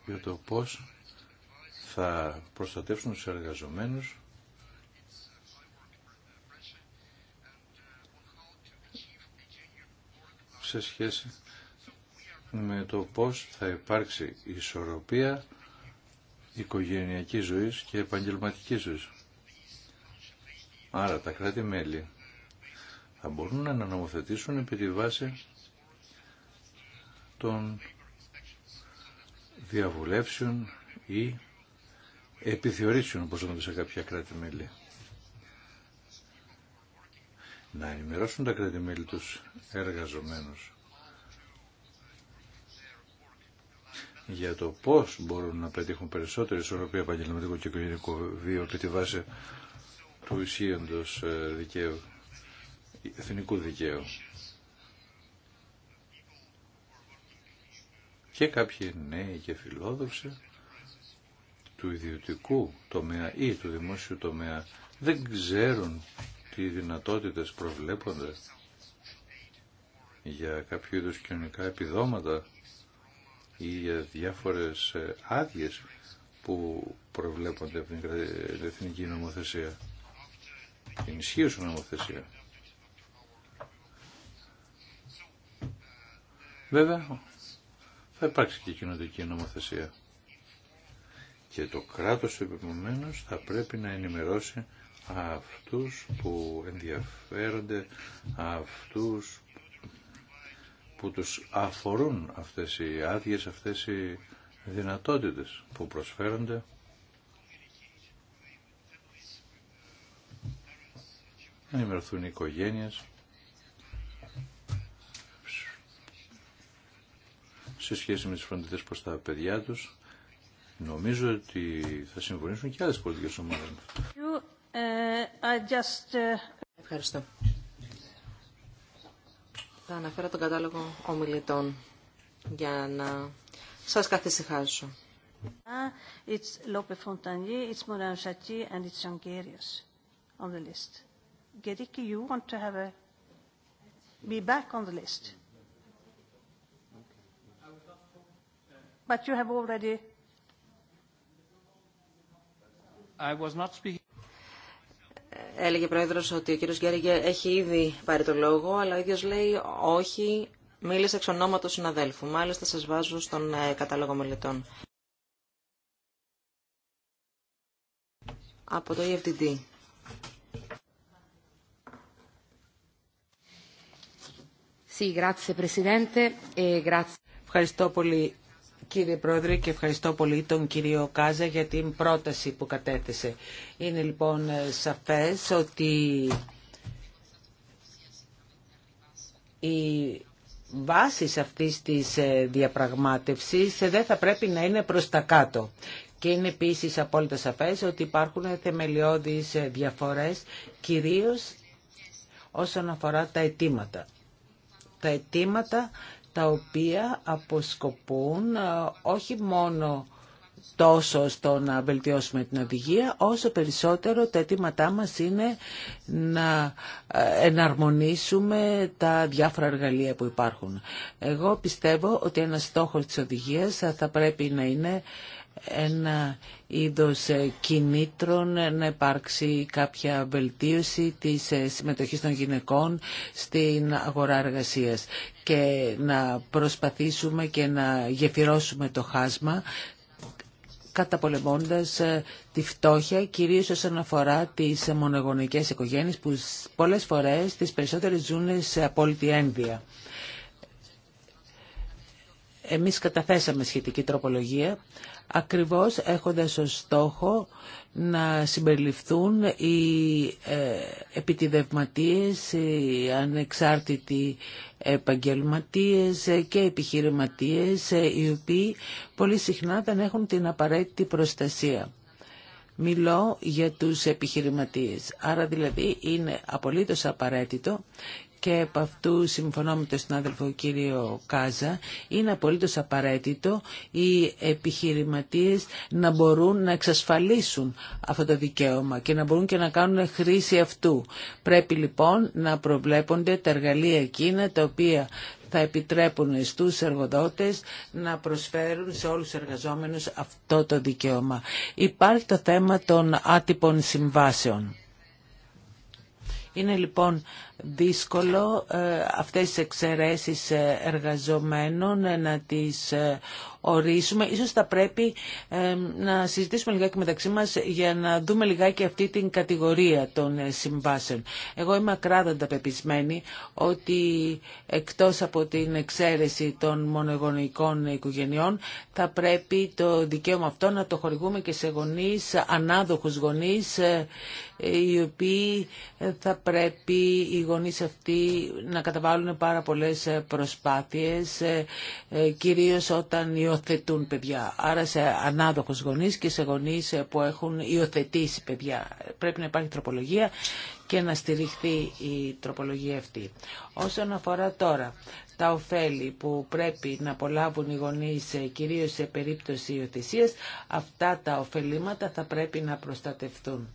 για το πώς θα προστατεύσουν τους εργαζομένους σε σχέση με το πώς θα υπάρξει ισορροπία οικογενειακής ζωής και επαγγελματικής ζωής. Άρα τα κράτη-μέλη θα μπορούν να νομοθετήσουν επί τη βάση των διαβουλεύσεων ή επιθεωρήσεων όπως λέμε, σε κάποια κράτη-μέλη. Να ενημερώσουν τα κράτη-μέλη τους εργαζομένους για το πώς μπορούν να πετύχουν περισσότερη ισορροπία επαγγελματικού και οικογενειακού βίου επί τη βάση του ισχύοντος ε, δικαίου, εθνικού δικαίου. και κάποιοι νέοι και φιλόδοξοι του ιδιωτικού τομέα ή του δημόσιου τομέα δεν ξέρουν τι δυνατότητες προβλέπονται για κάποιο είδου κοινωνικά επιδόματα ή για διάφορες ε, άδειε που προβλέπονται από την εθνική νομοθεσία. Την ισχύουσα νομοθεσία. Βέβαια, θα υπάρξει και κοινοτική νομοθεσία. Και το κράτος επιπληρωμένως θα πρέπει να ενημερώσει αυτούς που ενδιαφέρονται, αυτούς που τους αφορούν αυτές οι άδειες, αυτές οι δυνατότητες που προσφέρονται. Να ενημερωθούν οι οικογένειες, σε σχέση με τις φροντίδες προς τα παιδιά τους. Νομίζω ότι θα συμφωνήσουν και άλλες πολιτικές ομάδες. Ε, ε, Ευχαριστώ. Θα αναφέρω τον κατάλογο ομιλητών για να σας καθησυχάσω. Ε, it's Lope Fontanier, it's Moran Chati and it's Jongerius on the list. Gericke, you want to have a... be back on the list. Έλεγε πρόεδρος ότι ο κύριο Γκέριγκε έχει ήδη πάρει το λόγο, αλλά ο ίδιο λέει όχι, μίλησε εξ ονόματο συναδέλφου. Μάλιστα σα βάζω στον ε, κατάλογο μελετών. Από το EFTD. E Ευχαριστώ πολύ Κύριε Πρόεδρε και ευχαριστώ πολύ τον κύριο Κάζα για την πρόταση που κατέθεσε. Είναι λοιπόν ε, σαφές ότι οι βάσεις αυτής της ε, διαπραγμάτευσης ε, δεν θα πρέπει να είναι προς τα κάτω. Και είναι επίσης απόλυτα σαφές ότι υπάρχουν θεμελιώδεις διαφορές, κυρίως όσον αφορά τα αιτήματα. Τα αιτήματα τα οποία αποσκοπούν ε, όχι μόνο τόσο στο να βελτιώσουμε την οδηγία, όσο περισσότερο τα αιτήματά μας είναι να ε, εναρμονίσουμε τα διάφορα εργαλεία που υπάρχουν. Εγώ πιστεύω ότι ένας στόχος της οδηγίας θα πρέπει να είναι ένα είδος ε, κινήτρων ε, να υπάρξει κάποια βελτίωση της ε, συμμετοχής των γυναικών στην αγορά εργασίας και να προσπαθήσουμε και να γεφυρώσουμε το χάσμα καταπολεμώντας τη φτώχεια, κυρίως όσον αφορά τις μονογονικές οικογένειες που πολλές φορές τις περισσότερες ζουν σε απόλυτη ένδυα. Εμείς καταθέσαμε σχετική τροπολογία, ακριβώς έχοντας ως στόχο να συμπεριληφθούν οι ε, επιτιδευματίες, οι ανεξάρτητοι επαγγελματίες και επιχειρηματίες, ε, οι οποίοι πολύ συχνά δεν έχουν την απαραίτητη προστασία. Μιλώ για τους επιχειρηματίες. Άρα δηλαδή είναι απολύτως απαραίτητο και από αυτού συμφωνώ με τον συνάδελφο κύριο Κάζα, είναι απολύτως απαραίτητο οι επιχειρηματίες να μπορούν να εξασφαλίσουν αυτό το δικαίωμα και να μπορούν και να κάνουν χρήση αυτού. Πρέπει λοιπόν να προβλέπονται τα εργαλεία εκείνα τα οποία θα επιτρέπουν στους εργοδότες να προσφέρουν σε όλους τους εργαζόμενους αυτό το δικαίωμα. Υπάρχει το θέμα των άτυπων συμβάσεων. Είναι λοιπόν δύσκολο ε, αυτές τις εξαιρέσεις ε, εργαζομένων ε, να τις ορίσουμε. Ίσως θα πρέπει να συζητήσουμε λιγάκι μεταξύ μας για να δούμε λιγάκι αυτή την κατηγορία των συμβάσεων. Εγώ είμαι ακράδαντα πεπισμένη ότι εκτός από την εξαίρεση των μονογονεϊκών οικογενειών θα πρέπει το δικαίωμα αυτό να το χορηγούμε και σε γονείς, ανάδοχους γονείς οι οποίοι θα πρέπει γονείς αυτοί να καταβάλουν πάρα πολλές ε, προσπάθειες, ε, ε, κυρίως όταν υιοθετούν παιδιά. Άρα σε ανάδοχους γονείς και σε γονείς που έχουν υιοθετήσει παιδιά. Πρέπει να υπάρχει τροπολογία και να στηριχθεί η τροπολογία αυτή. Όσον αφορά τώρα τα ωφέλη που πρέπει να απολάβουν οι γονείς κυρίως σε περίπτωση υιοθεσίας, αυτά τα ωφελήματα θα πρέπει να προστατευτούν.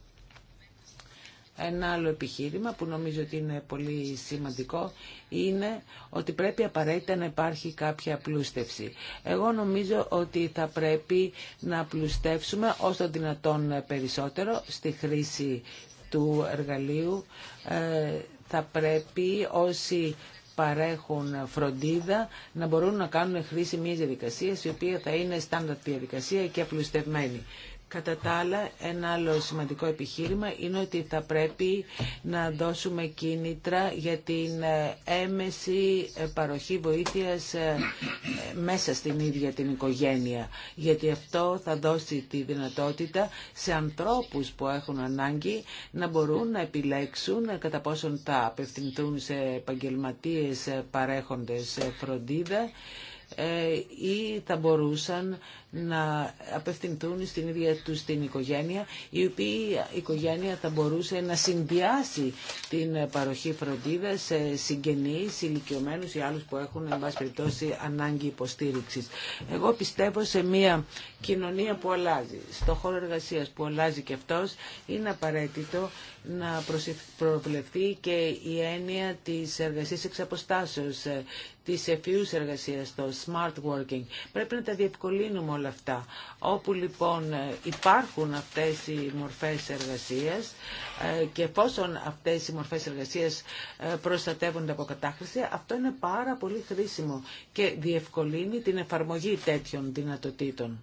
Ένα άλλο επιχείρημα που νομίζω ότι είναι πολύ σημαντικό είναι ότι πρέπει απαραίτητα να υπάρχει κάποια πλούστευση. Εγώ νομίζω ότι θα πρέπει να πλουστεύσουμε όσο δυνατόν περισσότερο στη χρήση του εργαλείου. Ε, θα πρέπει όσοι παρέχουν φροντίδα να μπορούν να κάνουν χρήση μιας διαδικασίας η οποία θα είναι στάνταρτη διαδικασία και απλουστευμένη. Κατά τα άλλα, ένα άλλο σημαντικό επιχείρημα είναι ότι θα πρέπει να δώσουμε κίνητρα για την ε, έμεση ε, παροχή βοήθειας ε, μέσα στην ίδια την οικογένεια. Γιατί αυτό θα δώσει τη δυνατότητα σε ανθρώπους που έχουν ανάγκη να μπορούν να επιλέξουν κατά πόσον θα απευθυνθούν σε επαγγελματίες παρέχοντες φροντίδα ή θα μπορούσαν να απευθυνθούν στην ίδια τους την οικογένεια, η οποία η οικογένεια θα μπορούσε να συνδυάσει την παροχή φροντίδα σε συγγενείς, ηλικιωμένους ή άλλους που έχουν, εν πάση περιπτώσει, ανάγκη υποστήριξης. Εγώ πιστεύω σε μια κοινωνία που αλλάζει, στο χώρο εργασίας που αλλάζει και αυτός, είναι απαραίτητο να προβλεφθεί και η έννοια της εργασίας εξ αποστάσεως, ε, της εφίους εργασίας, το smart working. Πρέπει να τα διευκολύνουμε Όπου λοιπόν ε, υπάρχουν αυτές οι μορφές εργασίας ε, και εφόσον αυτές οι μορφές εργασίας ε, προστατεύονται από κατάχρηση, αυτό είναι πάρα πολύ χρήσιμο και διευκολύνει την εφαρμογή τέτοιων δυνατοτήτων.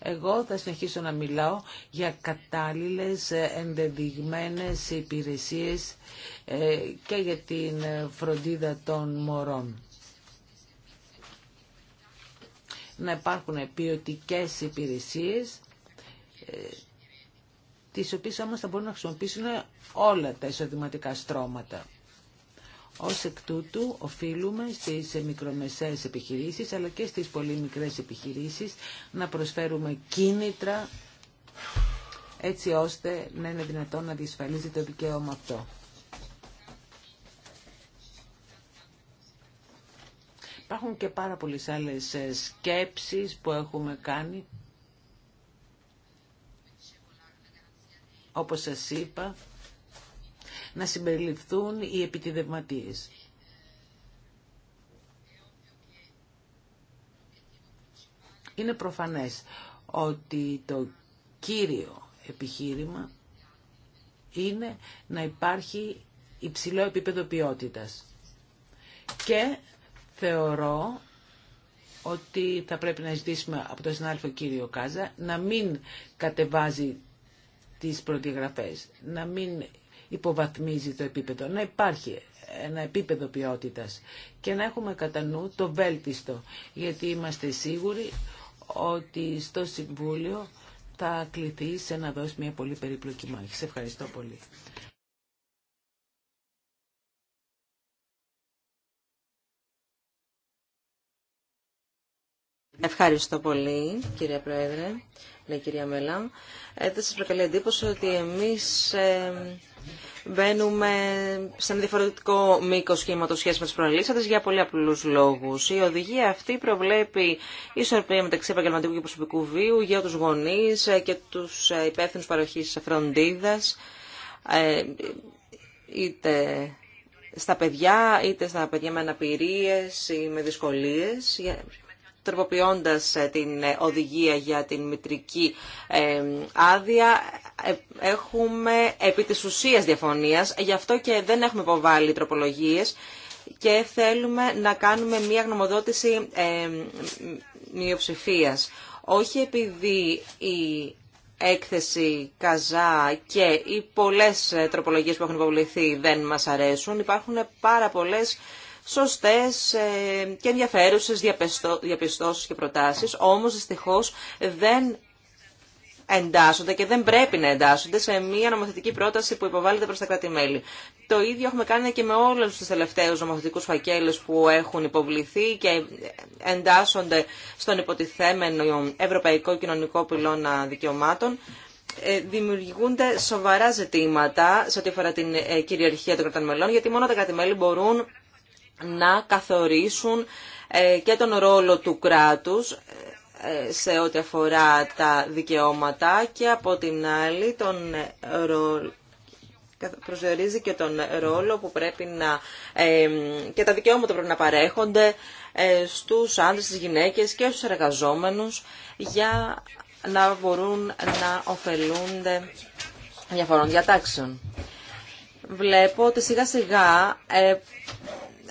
Εγώ θα συνεχίσω να μιλάω για κατάλληλες ενδεδειγμένες υπηρεσίες και για την φροντίδα των μωρών. να υπάρχουν ποιοτικέ υπηρεσίες ε, τις οποίες όμως θα μπορούν να χρησιμοποιήσουν όλα τα εισοδηματικά στρώματα. Ως εκ τούτου οφείλουμε στις μικρομεσαίες επιχειρήσεις αλλά και στις πολύ μικρές επιχειρήσεις να προσφέρουμε κίνητρα έτσι ώστε να είναι δυνατόν να διασφαλίζει το δικαίωμα αυτό. Υπάρχουν και πάρα πολλές άλλες ε, σκέψεις που έχουμε κάνει. Όπως σας είπα, να συμπεριληφθούν οι επιτιδευματίες. Είναι προφανές ότι το κύριο επιχείρημα είναι να υπάρχει υψηλό επίπεδο ποιότητας και θεωρώ ότι θα πρέπει να ζητήσουμε από τον συνάδελφο κύριο Κάζα να μην κατεβάζει τις προδιαγραφές, να μην υποβαθμίζει το επίπεδο, να υπάρχει ένα επίπεδο ποιότητας και να έχουμε κατά νου το βέλτιστο, γιατί είμαστε σίγουροι ότι στο Συμβούλιο θα κληθεί σε να δώσει μια πολύ περίπλοκη μάχη. Σε ευχαριστώ πολύ. Ευχαριστώ πολύ, κυρία Πρόεδρε, λέει ναι, κυρία Μελά. Ε, δεν σας προκαλεί εντύπωση ότι εμείς ε, μπαίνουμε σε ένα διαφορετικό μήκο σχήματο σχέση με τι για πολύ απλού λόγου. Η οδηγία αυτή προβλέπει ισορροπία μεταξύ επαγγελματικού και προσωπικού βίου για του γονεί ε, και του ε, υπεύθυνου παροχή φροντίδα, ε, είτε στα παιδιά, είτε στα παιδιά με αναπηρίε ή με δυσκολίε τροποποιώντας ε, την ε, οδηγία για την μητρική ε, άδεια, έχουμε επί της ουσίας διαφωνίας, γι' αυτό και δεν έχουμε υποβάλει τροπολογίες και θέλουμε να κάνουμε μία γνωμοδότηση μειοψηφίας. Όχι επειδή η έκθεση Καζά και οι πολλές τροπολογίες που έχουν υποβληθεί δεν μας αρέσουν. Υπάρχουν πάρα πολλές σωστές ε, και ενδιαφέρουσες διαπιστώσεις και προτάσεις, όμως δυστυχώς δεν εντάσσονται και δεν πρέπει να εντάσσονται σε μια νομοθετική πρόταση που υποβάλλεται προς τα κράτη-μέλη. Το ίδιο έχουμε κάνει και με όλους τους τελευταίους νομοθετικούς φακέλους που έχουν υποβληθεί και εντάσσονται στον υποτιθέμενο Ευρωπαϊκό Κοινωνικό Πυλώνα Δικαιωμάτων. Ε, δημιουργούνται σοβαρά ζητήματα σε ό,τι αφορά την ε, κυριαρχία των κρατών μελών, γιατί μόνο τα κράτη-μέλη μπορούν να καθορίσουν ε, και τον ρόλο του κράτους ε, σε ό,τι αφορά τα δικαιώματα και από την άλλη τον ρόλο προσδιορίζει και τον ρόλο που πρέπει να ε, και τα δικαιώματα πρέπει να παρέχονται στους άντρες, στις γυναίκες και στους εργαζόμενους για να μπορούν να ωφελούνται διαφορών διατάξεων. Βλέπω ότι σιγά σιγά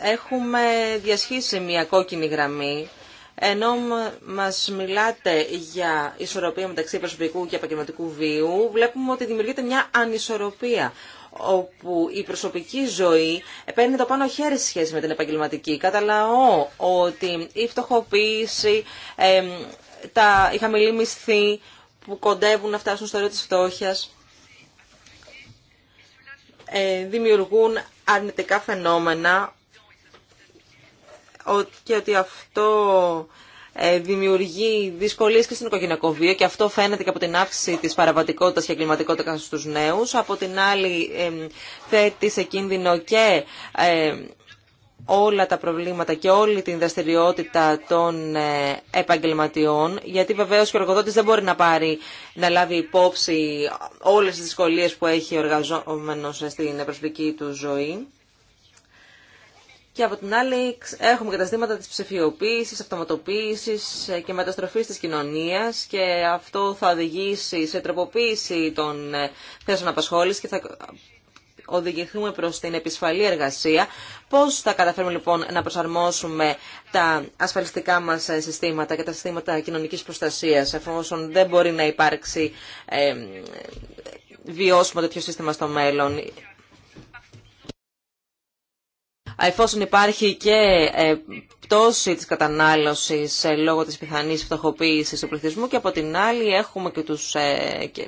έχουμε διασχίσει μια κόκκινη γραμμή, ενώ μας μιλάτε για ισορροπία μεταξύ προσωπικού και επαγγελματικού βίου, βλέπουμε ότι δημιουργείται μια ανισορροπία όπου η προσωπική ζωή παίρνει το πάνω χέρι σχέση με την επαγγελματική. Καταλαώ ότι η φτωχοποίηση, τα, οι χαμηλοί μισθοί που κοντεύουν να φτάσουν στο ρόλο της φτώχειας, ε, δημιουργούν αρνητικά φαινόμενα και ότι αυτό ε, δημιουργεί δυσκολίες και στην οικογενειακό βίο και αυτό φαίνεται και από την αύξηση της παραβατικότητας και εγκληματικότητα στου νέους. Από την άλλη θέτει σε κίνδυνο και ε, όλα τα προβλήματα και όλη την δραστηριότητα των ε, επαγγελματιών, γιατί βεβαίω και ο εργοδότη δεν μπορεί να πάρει, να λάβει υπόψη όλε τι δυσκολίε που έχει ο εργαζόμενο στην προσωπική του ζωή. Και από την άλλη έχουμε και τα της ψηφιοποίησης, αυτοματοποίησης ε, και μεταστροφής της κοινωνίας και αυτό θα οδηγήσει σε τροποποίηση των ε, θέσεων απασχόλησης και θα οδηγηθούμε προς την επισφαλή εργασία. Πώς θα καταφέρουμε λοιπόν να προσαρμόσουμε τα ασφαλιστικά μας ε, συστήματα και τα συστήματα κοινωνικής προστασίας εφόσον δεν μπορεί να υπάρξει ε, βιώσιμο τέτοιο σύστημα στο μέλλον εφόσον υπάρχει και ε, πτώση της κατανάλωσης ε, λόγω της πιθανής φτωχοποίησης του πληθυσμού και από την άλλη έχουμε και, τους, ε,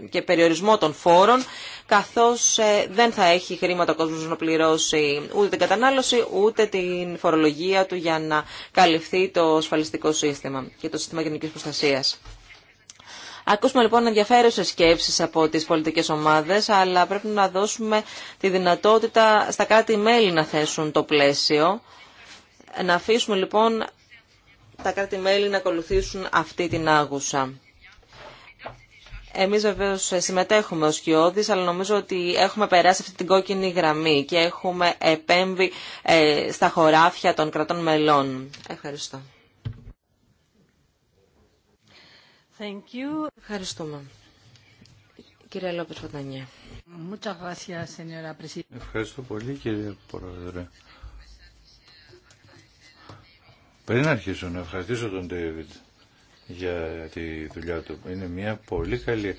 και περιορισμό των φόρων καθώς δεν θα έχει χρήματα ο κόσμος να πληρώσει ούτε την κατανάλωση ούτε την φορολογία του για να καλυφθεί το ασφαλιστικό σύστημα και το σύστημα γενικής προστασίας ακούσουμε λοιπόν ενδιαφέρουσε σκέψεις από τις πολιτικές ομάδες, αλλά πρέπει να δώσουμε τη δυνατότητα στα κράτη-μέλη να θέσουν το πλαίσιο. Να αφήσουμε λοιπόν τα κράτη-μέλη να ακολουθήσουν αυτή την άγουσα. Εμείς βεβαίω συμμετέχουμε ως κοιόδης, αλλά νομίζω ότι έχουμε περάσει αυτή την κόκκινη γραμμή και έχουμε επέμβει ε, στα χωράφια των κρατών μελών. Ευχαριστώ. Thank you. Ευχαριστούμε. Κύριε Λόπες Φωτανιά. Ευχαριστώ πολύ κύριε Πρόεδρε. Πριν αρχίσω να ευχαριστήσω τον Ντέιβιτ για τη δουλειά του. Είναι μια πολύ καλή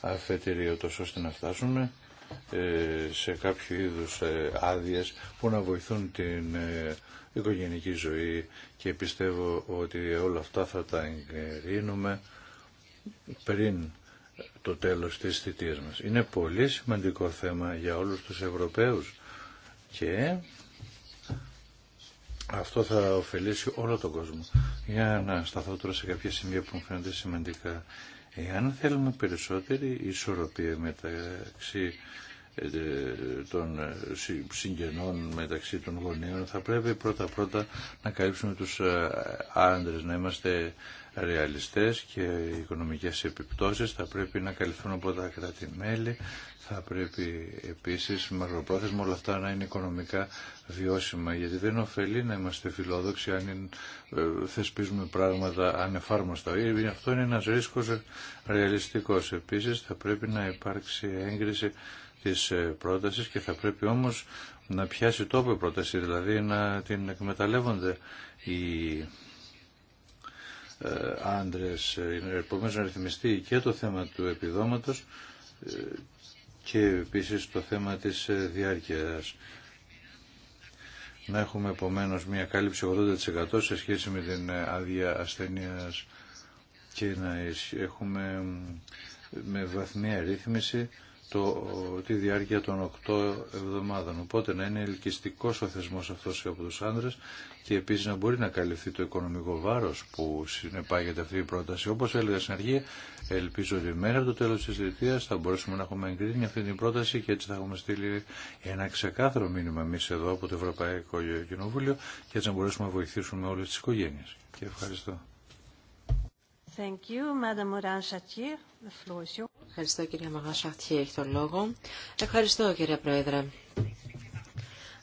αφετηρία τόσο ώστε να φτάσουμε ε, σε κάποιο είδους ε, άδειε που να βοηθούν την ε, οικογενική ζωή και πιστεύω ότι όλα αυτά θα τα εγκρίνουμε πριν το τέλος της θητείας μας. Είναι πολύ σημαντικό θέμα για όλους τους Ευρωπαίους και αυτό θα ωφελήσει όλο τον κόσμο. Για να σταθώ τώρα σε κάποια σημεία που μου φαίνονται σημαντικά. Εάν θέλουμε περισσότερη ισορροπία μεταξύ ε, των ε, συγγενών μεταξύ των γονέων θα πρέπει πρώτα πρώτα να καλύψουμε τους ε, άντρες να είμαστε ρεαλιστές και οι οικονομικές επιπτώσεις θα πρέπει να καλυφθούν από τα κράτη-μέλη, θα πρέπει επίσης μακροπρόθεσμα όλα αυτά να είναι οικονομικά βιώσιμα, γιατί δεν ωφελεί να είμαστε φιλόδοξοι αν ε, θεσπίζουμε πράγματα ανεφάρμοστα. Ε, ε, αυτό είναι ένας ρίσκος ρεαλιστικός. Επίσης θα πρέπει να υπάρξει έγκριση της πρότασης και θα πρέπει όμως να πιάσει τόπο η πρόταση, δηλαδή να την εκμεταλλεύονται οι ε, άντρες. Επομένως να ρυθμιστεί και το θέμα του επιδόματος ε, και επίσης το θέμα της ε, διάρκειας. Να έχουμε επομένως μια κάλυψη 80% σε σχέση με την άδεια ασθενείας και να έχουμε με βαθμία ρύθμιση το, τη διάρκεια των 8 εβδομάδων. Οπότε να είναι ελκυστικό ο θεσμό αυτό από του άντρε και επίση να μπορεί να καλυφθεί το οικονομικό βάρο που συνεπάγεται αυτή η πρόταση. Όπω έλεγα στην αρχή, ελπίζω ότι μέχρι το τέλο τη θητεία θα μπορέσουμε να έχουμε εγκρίνει αυτή την πρόταση και έτσι θα έχουμε στείλει ένα ξεκάθαρο μήνυμα εμεί εδώ από το Ευρωπαϊκό Κοινοβούλιο και έτσι να μπορέσουμε να βοηθήσουμε όλε τι οικογένειε. Και ευχαριστώ. Ευχαριστώ κυρία Μαγασάχτιε, έχει το λόγο. Ευχαριστώ κυρία Πρόεδρε.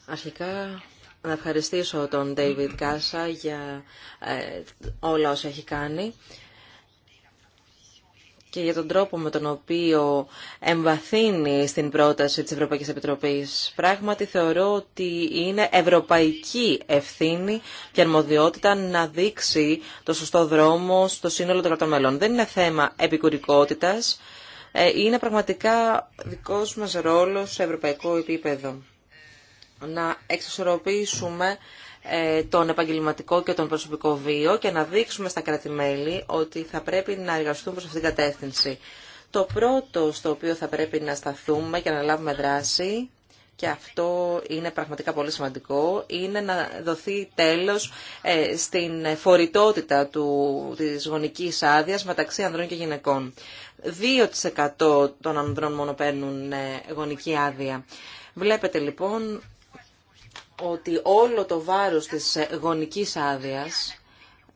Αρχικά να ευχαριστήσω τον David Κάσα για ε, όλα όσα έχει κάνει και για τον τρόπο με τον οποίο εμβαθύνει στην πρόταση της Ευρωπαϊκής Επιτροπής. Πράγματι θεωρώ ότι είναι ευρωπαϊκή ευθύνη και αρμοδιότητα να δείξει το σωστό δρόμο στο σύνολο των κρατών μελών. Δεν είναι θέμα επικουρικότητας, ε, είναι πραγματικά δικός μας ρόλος σε ευρωπαϊκό επίπεδο. Να εξισορροπήσουμε ε, τον επαγγελματικό και τον προσωπικό βίο και να δείξουμε στα κρατη ότι θα πρέπει να εργαστούμε προς αυτήν την κατεύθυνση. Το πρώτο στο οποίο θα πρέπει να σταθούμε και να λάβουμε δράση και αυτό είναι πραγματικά πολύ σημαντικό, είναι να δοθεί τέλος ε, στην φορητότητα του, της γονικής άδειας μεταξύ ανδρών και γυναικών. 2% των ανδρών μόνο παίρνουν ε, γονική άδεια. Βλέπετε λοιπόν ότι όλο το βάρος της ε, γονικής άδειας,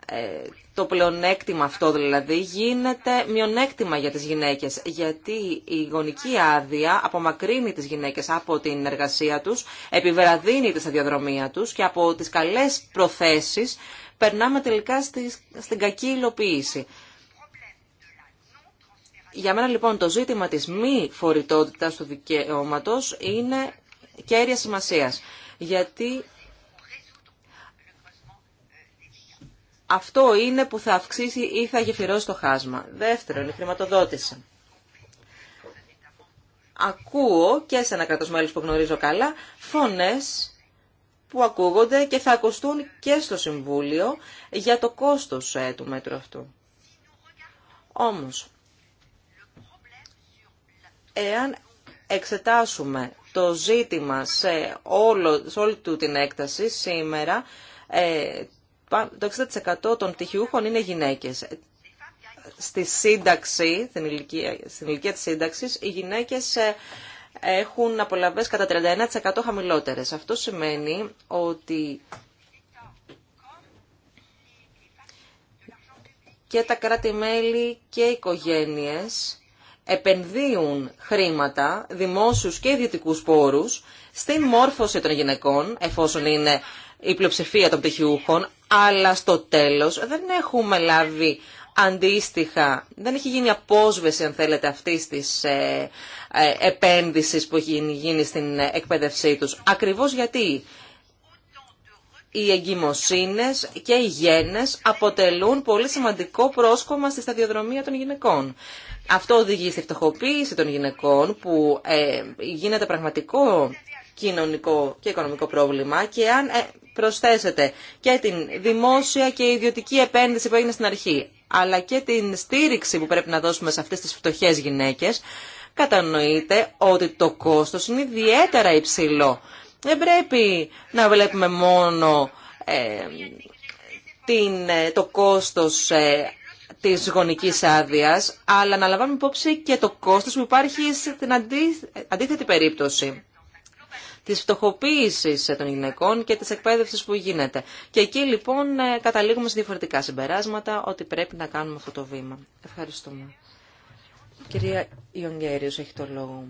ε, το πλεονέκτημα αυτό δηλαδή, γίνεται μειονέκτημα για τις γυναίκες, γιατί η γονική άδεια απομακρύνει τις γυναίκες από την εργασία τους, επιβραδύνει τη σταδιοδρομία τους και από τις καλές προθέσεις περνάμε τελικά στην κακή υλοποίηση. Για μένα λοιπόν το ζήτημα της μη φορητότητας του δικαιώματος είναι κέρια σημασίας γιατί αυτό είναι που θα αυξήσει ή θα γεφυρώσει το χάσμα. Δεύτερον, η χρηματοδότηση. Ακούω και σε ένα κράτος μέλος που γνωρίζω καλά φωνές που ακούγονται και θα ακουστούν και στο Συμβούλιο για το κόστος ε, του μέτρου αυτού. Όμως, εάν εξετάσουμε το ζήτημα σε, όλο, όλη του την έκταση σήμερα ε, το 60% των πτυχιούχων είναι γυναίκες. Στη σύνταξη, στην ηλικία, στην ηλικία της σύνταξης, οι γυναίκες ε, έχουν απολαβές κατά 31% χαμηλότερες. Αυτό σημαίνει ότι και τα κράτη-μέλη και οι οικογένειες επενδύουν χρήματα, δημόσιους και ιδιωτικούς πόρους, στην μόρφωση των γυναικών, εφόσον είναι η πλειοψηφία των πτυχιούχων, αλλά στο τέλος δεν έχουμε λάβει αντίστοιχα, δεν έχει γίνει απόσβεση, αν θέλετε, αυτής της ε, ε, επένδυσης που έχει γίνει στην εκπαίδευσή τους. Ακριβώς γιατί οι εγκυμοσύνες και οι γένες αποτελούν πολύ σημαντικό πρόσκομα στη σταδιοδρομία των γυναικών. Αυτό οδηγεί στη φτωχοποίηση των γυναικών που ε, γίνεται πραγματικό κοινωνικό και οικονομικό πρόβλημα και αν ε, προσθέσετε και την δημόσια και ιδιωτική επένδυση που έγινε στην αρχή αλλά και την στήριξη που πρέπει να δώσουμε σε αυτές τις φτωχές γυναίκες κατανοείτε ότι το κόστος είναι ιδιαίτερα υψηλό. Δεν πρέπει να βλέπουμε μόνο ε, την, ε, το κόστος της γονικής άδεια, αλλά να λαμβάνουμε υπόψη και το κόστος που υπάρχει στην αντίθετη περίπτωση της φτωχοποίηση των γυναικών και τη εκπαίδευση που γίνεται. Και εκεί λοιπόν ε, καταλήγουμε σε διαφορετικά συμπεράσματα ότι πρέπει να κάνουμε αυτό το βήμα. Ευχαριστούμε. Κυρία Ιονγκέριος έχει το λόγο.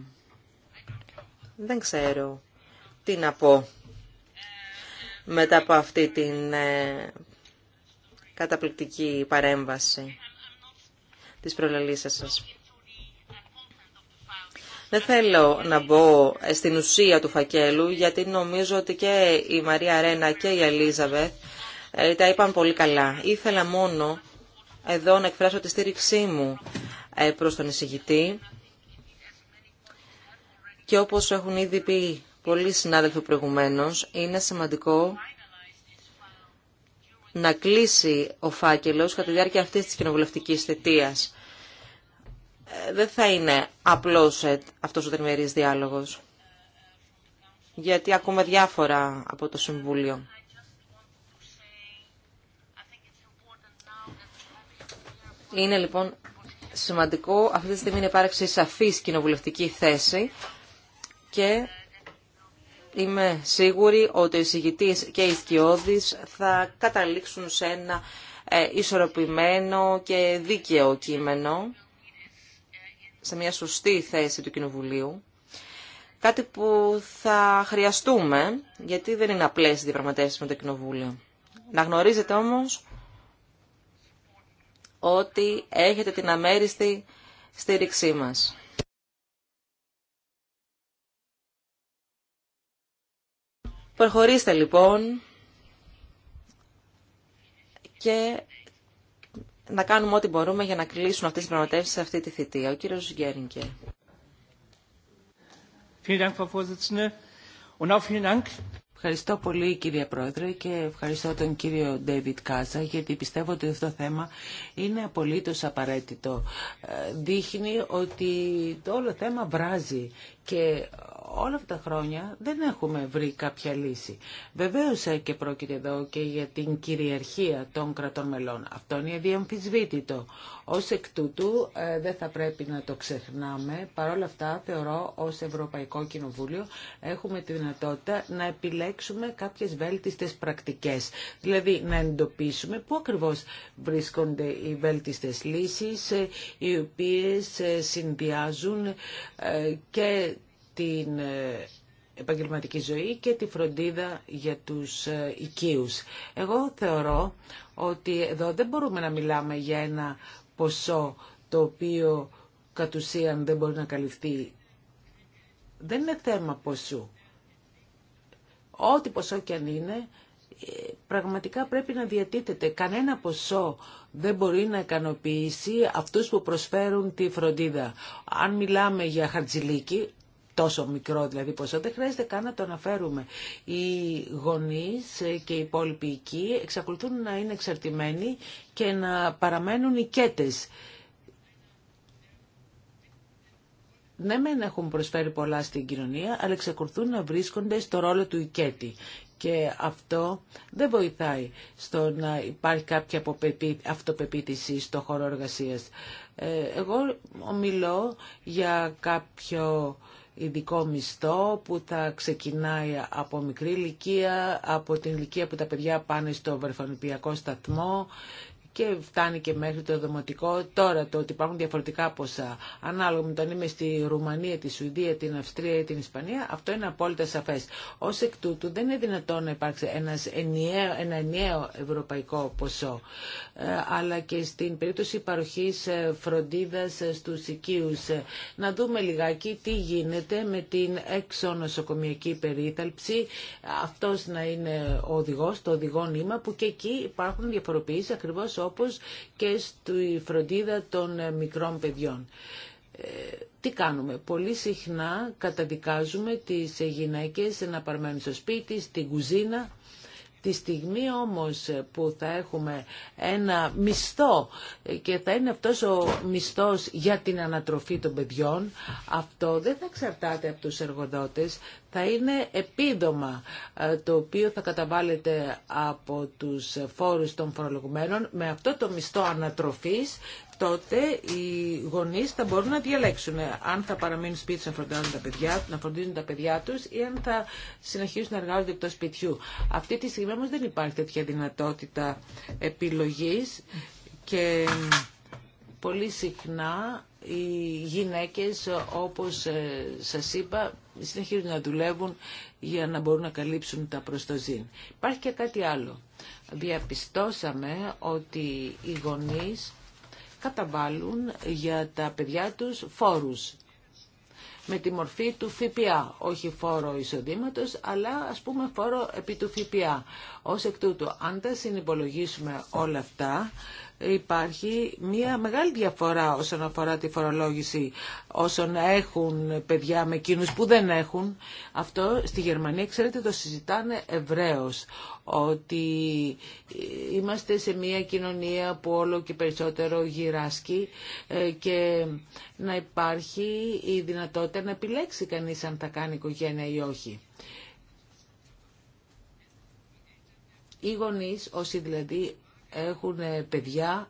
Δεν ξέρω τι να πω μετά από αυτή την ε, καταπληκτική παρέμβαση της προλαλήσας σας. Δεν θέλω να μπω στην ουσία του φακέλου, γιατί νομίζω ότι και η Μαρία Ρένα και η Ελίζαβεθ ε, τα είπαν πολύ καλά. Ήθελα μόνο εδώ να εκφράσω τη στήριξή μου ε, προς τον εισηγητή και όπως έχουν ήδη πει πολλοί συνάδελφοι προηγουμένως, είναι σημαντικό να κλείσει ο φάκελος κατά τη διάρκεια αυτής της κοινοβουλευτικής θετίας. Ε, δεν θα είναι απλώς ε, αυτός ο τριμερής διάλογος, γιατί ακούμε διάφορα από το Συμβούλιο. Είναι λοιπόν σημαντικό αυτή τη στιγμή να υπάρξει σαφής κοινοβουλευτική θέση και είμαι σίγουρη ότι οι εισηγητής και οι θα καταλήξουν σε ένα ε, ισορροπημένο και δίκαιο κείμενο σε μια σωστή θέση του Κοινοβουλίου. Κάτι που θα χρειαστούμε, γιατί δεν είναι απλές οι διαπραγματεύσεις με το Κοινοβούλιο. Να γνωρίζετε όμως ότι έχετε την αμέριστη στήριξή μας. Προχωρήστε λοιπόν και να κάνουμε ό,τι μπορούμε για να κλείσουν αυτές τις πραγματεύσεις σε αυτή τη θητεία. Ο κύριος Γκέρνικε. Ευχαριστώ πολύ κύριε Πρόεδρε και ευχαριστώ τον κύριο Ντέιβιτ Κάζα, γιατί πιστεύω ότι αυτό το θέμα είναι απολύτως απαραίτητο. Ε, δείχνει ότι το όλο θέμα βράζει και όλα αυτά τα χρόνια δεν έχουμε βρει κάποια λύση. Βεβαίω ε, και πρόκειται εδώ και για την κυριαρχία των κρατών μελών. Αυτό είναι διαμφισβήτητο. Ω εκ τούτου ε, δεν θα πρέπει να το ξεχνάμε. Παρ' όλα αυτά θεωρώ ω Ευρωπαϊκό Κοινοβούλιο έχουμε τη δυνατότητα να επιλέξουμε κάποιες βέλτιστες πρακτικές. Δηλαδή να εντοπίσουμε πού ακριβώ βρίσκονται οι βέλτιστες λύσεις ε, οι οποίες συνδυάζουν και την ε, επαγγελματική ζωή και τη φροντίδα για τους ε, οικείους. Εγώ θεωρώ ότι εδώ δεν μπορούμε να μιλάμε για ένα ποσό το οποίο κατ' ουσίαν δεν μπορεί να καλυφθεί. Δεν είναι θέμα ποσού. Ό,τι ποσό και αν είναι, ε, πραγματικά πρέπει να διατίθεται. Κανένα ποσό δεν μπορεί να ικανοποιήσει αυτούς που προσφέρουν τη φροντίδα. Αν μιλάμε για χαρτζηλίκη τόσο μικρό δηλαδή ποσό, δεν χρειάζεται καν να το αναφέρουμε. Οι γονείς και οι υπόλοιποι εκεί εξακολουθούν να είναι εξαρτημένοι και να παραμένουν οικέτες. Ναι, μεν έχουν προσφέρει πολλά στην κοινωνία, αλλά εξακολουθούν να βρίσκονται στο ρόλο του οικέτη. Και αυτό δεν βοηθάει στο να υπάρχει κάποια αυτοπεποίθηση στο χώρο εργασίας. Ε, εγώ ομιλώ για κάποιο ειδικό μισθό που θα ξεκινάει από μικρή ηλικία, από την ηλικία που τα παιδιά πάνε στο βερφανιπιακό σταθμό και φτάνει και μέχρι το δημοτικό. Τώρα το ότι υπάρχουν διαφορετικά ποσά, ανάλογα με το αν είμαι στη Ρουμανία, τη Σουηδία, την Αυστρία ή την Ισπανία, αυτό είναι απόλυτα σαφέ. Ω εκ τούτου δεν είναι δυνατόν να υπάρξει ένας ενιαίο, ένα ενιαίο ευρωπαϊκό ποσό, ε, αλλά και στην περίπτωση παροχή ε, φροντίδα ε, στου οικείου. Να δούμε λιγάκι τι γίνεται με την έξω νοσοκομιακή περίθαλψη. Αυτό να είναι ο οδηγό, το οδηγό νήμα, που και εκεί υπάρχουν διαφοροποιήσει ακριβώ και στη φροντίδα των ε, μικρών παιδιών. Ε, τι κάνουμε. Πολύ συχνά καταδικάζουμε τις ε, γυναίκες να παρμένουν στο σπίτι, στην κουζίνα Τη στιγμή όμως που θα έχουμε ένα μισθό και θα είναι αυτός ο μισθός για την ανατροφή των παιδιών, αυτό δεν θα εξαρτάται από τους εργοδότες, θα είναι επίδομα ε, το οποίο θα καταβάλλεται από τους φόρους των φορολογουμένων με αυτό το μισθό ανατροφής τότε οι γονείς θα μπορούν να διαλέξουν αν θα παραμείνουν σπίτι να φροντίζουν τα παιδιά, να φροντίζουν τα παιδιά τους ή αν θα συνεχίσουν να εργάζονται εκτός σπιτιού. Αυτή τη στιγμή όμως δεν υπάρχει τέτοια δυνατότητα επιλογής και πολύ συχνά οι γυναίκες όπως ε, σας είπα συνεχίζουν να δουλεύουν για να μπορούν να καλύψουν τα προστοζήν. Υπάρχει και κάτι άλλο. Διαπιστώσαμε ότι οι γονείς καταβάλουν για τα παιδιά τους φόρους με τη μορφή του ΦΠΑ, όχι φόρο εισοδήματος, αλλά ας πούμε φόρο επί του ΦΠΑ. Ως εκ τούτου, αν τα συνυπολογίσουμε όλα αυτά, υπάρχει μια μεγάλη διαφορά όσον αφορά τη φορολόγηση όσων έχουν παιδιά με εκείνους που δεν έχουν. Αυτό στη Γερμανία, ξέρετε, το συζητάνε ευρέως ότι είμαστε σε μια κοινωνία που όλο και περισσότερο γυράσκει ε, και να υπάρχει η δυνατότητα να επιλέξει κανείς αν θα κάνει οικογένεια ή όχι. Οι γονείς, όσοι δηλαδή έχουν παιδιά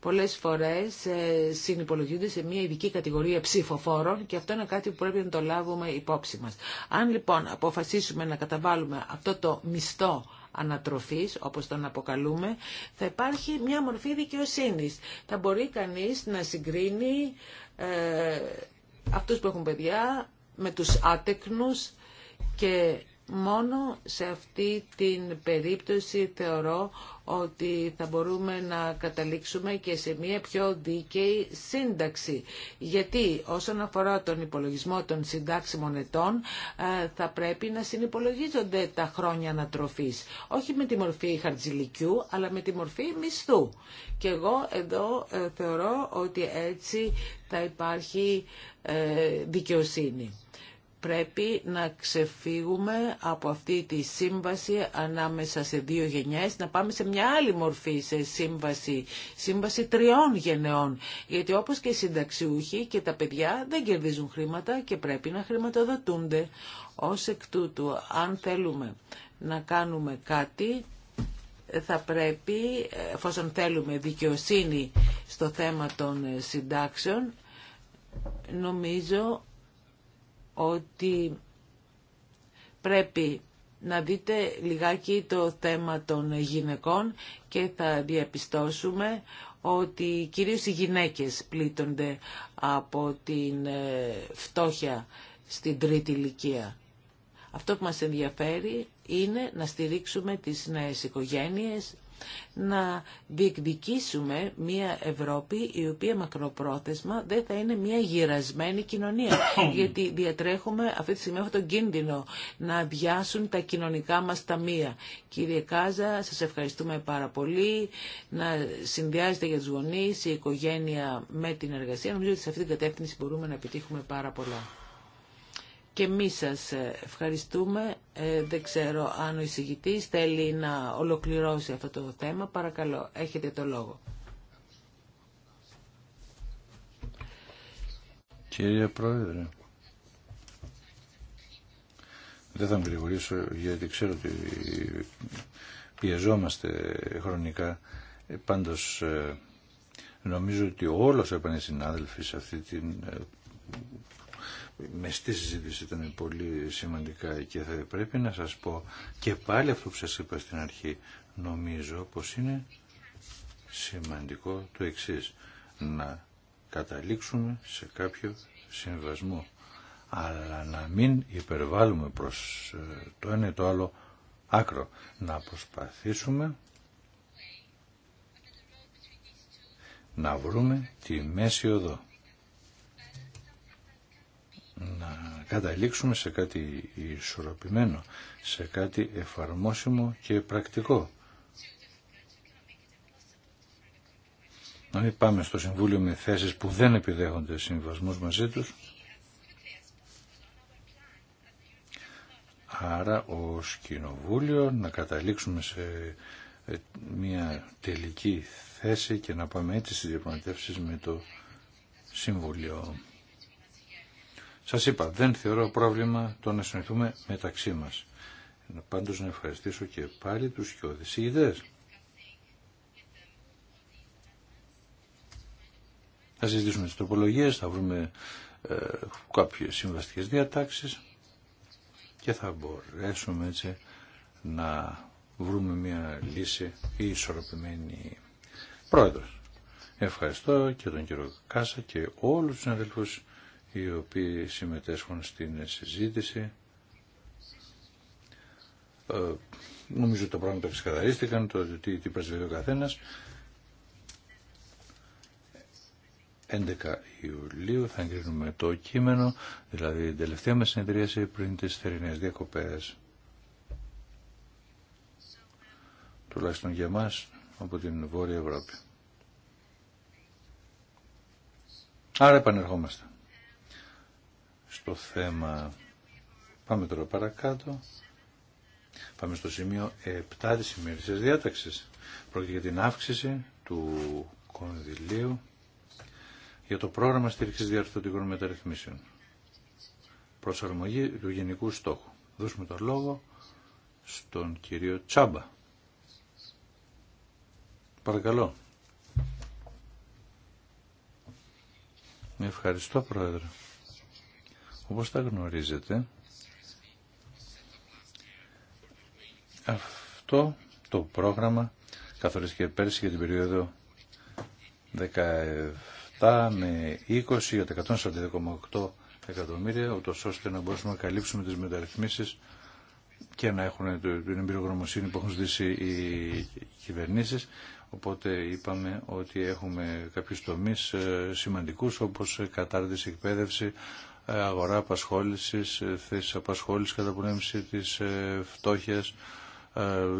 πολλές φορές ε, συνυπολογίζονται σε μια ειδική κατηγορία ψηφοφόρων και αυτό είναι κάτι που πρέπει να το λάβουμε υπόψη μας. Αν λοιπόν αποφασίσουμε να καταβάλουμε αυτό το μισθό ανατροφής, όπως τον αποκαλούμε, θα υπάρχει μια μορφή δικαιοσύνης. Θα μπορεί κανείς να συγκρίνει ε, αυτούς που έχουν παιδιά με τους άτεκνους και Μόνο σε αυτή την περίπτωση θεωρώ ότι θα μπορούμε να καταλήξουμε και σε μια πιο δίκαιη σύνταξη. Γιατί όσον αφορά τον υπολογισμό των συντάξιμων ετών ε, θα πρέπει να συνυπολογίζονται τα χρόνια ανατροφής. Όχι με τη μορφή χαρτζηλικιού αλλά με τη μορφή μισθού. Και εγώ εδώ ε, θεωρώ ότι έτσι θα υπάρχει ε, δικαιοσύνη πρέπει να ξεφύγουμε από αυτή τη σύμβαση ανάμεσα σε δύο γενιές, να πάμε σε μια άλλη μορφή, σε σύμβαση, σύμβαση τριών γενεών. Γιατί όπως και οι συνταξιούχοι και τα παιδιά δεν κερδίζουν χρήματα και πρέπει να χρηματοδοτούνται. Ως εκ τούτου, αν θέλουμε να κάνουμε κάτι, θα πρέπει, εφόσον θέλουμε δικαιοσύνη στο θέμα των συντάξεων, νομίζω ότι πρέπει να δείτε λιγάκι το θέμα των γυναικών και θα διαπιστώσουμε ότι κυρίως οι γυναίκες πλήττονται από την ε, φτώχεια στην τρίτη ηλικία. Αυτό που μας ενδιαφέρει είναι να στηρίξουμε τις νέες οικογένειες, να διεκδικήσουμε μια Ευρώπη η οποία μακροπρόθεσμα δεν θα είναι μια γυρασμένη κοινωνία. Γιατί διατρέχουμε αυτή τη στιγμή αυτόν τον κίνδυνο να αδειάσουν τα κοινωνικά μας ταμεία. Κύριε Κάζα, σας ευχαριστούμε πάρα πολύ. Να συνδυάζετε για τους γονείς, η οικογένεια με την εργασία. Νομίζω ότι σε αυτή την κατεύθυνση μπορούμε να επιτύχουμε πάρα πολλά. Και εμεί σα ευχαριστούμε. Ε, δεν ξέρω αν ο εισηγητή θέλει να ολοκληρώσει αυτό το θέμα. Παρακαλώ, έχετε το λόγο. Κύριε Πρόεδρε, δεν θα με γρηγορήσω γιατί ξέρω ότι πιεζόμαστε χρονικά. Ε, πάντως ε, νομίζω ότι όλος ο συνάδελφοι σε αυτή την με στη συζήτηση ήταν πολύ σημαντικά και θα πρέπει να σας πω και πάλι αυτό που σας είπα στην αρχή νομίζω πως είναι σημαντικό το εξής να καταλήξουμε σε κάποιο συμβασμό αλλά να μην υπερβάλλουμε προς ε, το ένα ή το άλλο άκρο να προσπαθήσουμε να βρούμε τη μέση οδό να καταλήξουμε σε κάτι ισορροπημένο, σε κάτι εφαρμόσιμο και πρακτικό. Να μην πάμε στο Συμβούλιο με θέσεις που δεν επιδέχονται συμβασμούς μαζί τους. Άρα ως Κοινοβούλιο να καταλήξουμε σε ε, μια τελική θέση και να πάμε έτσι στις διαπραγματεύσεις με το Συμβούλιο. Σας είπα, δεν θεωρώ πρόβλημα το να συνοηθούμε μεταξύ μας. Πάντως να ευχαριστήσω και πάλι τους και ιδέες. Θα συζητήσουμε τις τροπολογίες, θα βρούμε ε, κάποιες συμβαστικές διατάξεις και θα μπορέσουμε έτσι να βρούμε μια λύση ή ισορροπημένη πρόεδρος. Ευχαριστώ και τον κύριο Κάσα και όλους τους αδελφούς οι οποίοι συμμετέσχουν στην συζήτηση. Ε, νομίζω τα πράγματα ξεκαθαρίστηκαν, το τι, τι πρεσβεύει ο καθένα. 11 Ιουλίου θα εγκρίνουμε το κείμενο, δηλαδή την τελευταία μα συνεδρίαση πριν τις θερινές διακοπές. Τουλάχιστον για μας από την Βόρεια Ευρώπη. Άρα επανερχόμαστε στο θέμα. Πάμε τώρα παρακάτω. Πάμε στο σημείο 7 της ημερησίας διάταξης. Πρόκειται για την αύξηση του κονδυλίου για το πρόγραμμα στήριξης διαρθρωτικών μεταρρυθμίσεων. Προσαρμογή του γενικού στόχου. Δώσουμε το λόγο στον κύριο Τσάμπα. Παρακαλώ. Ευχαριστώ, Πρόεδρε. Όπως τα γνωρίζετε, αυτό το πρόγραμμα καθορίστηκε πέρσι για την περίοδο 17 με 20 για 142,8 εκατομμύρια, ούτως ώστε να μπορούμε να καλύψουμε τις μεταρρυθμίσεις και να έχουν την εμπειρογνωμοσύνη που έχουν ζητήσει οι κυβερνήσεις. Οπότε είπαμε ότι έχουμε κάποιους τομείς ε, σημαντικούς όπως κατάρτιση, εκπαίδευση, ε, αγορά απασχόλησης, ε, θέσεις απασχόλησης, καταπολέμηση της ε, φτώχειας,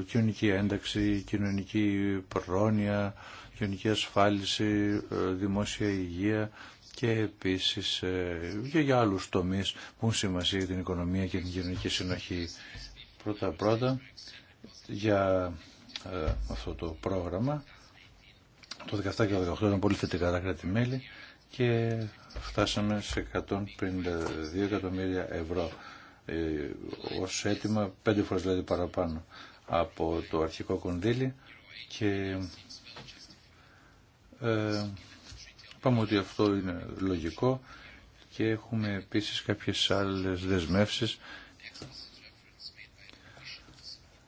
κοινωνική ένταξη, κοινωνική πρόνοια, κοινωνική ασφάλιση, δημόσια υγεία και επίσης και για άλλους τομείς που έχουν σημασία για την οικονομία και την κοινωνική συνοχή. Πρώτα-πρώτα για αυτό το πρόγραμμα το 17 και το 18 ήταν πολύ θετικά τα κράτη-μέλη και φτάσαμε σε 152 εκατομμύρια ευρώ ε, ως αίτημα, πέντε φορές δηλαδή παραπάνω από το αρχικό κονδύλι και ε, πάμε ότι αυτό είναι λογικό και έχουμε επίσης κάποιες άλλες δεσμεύσεις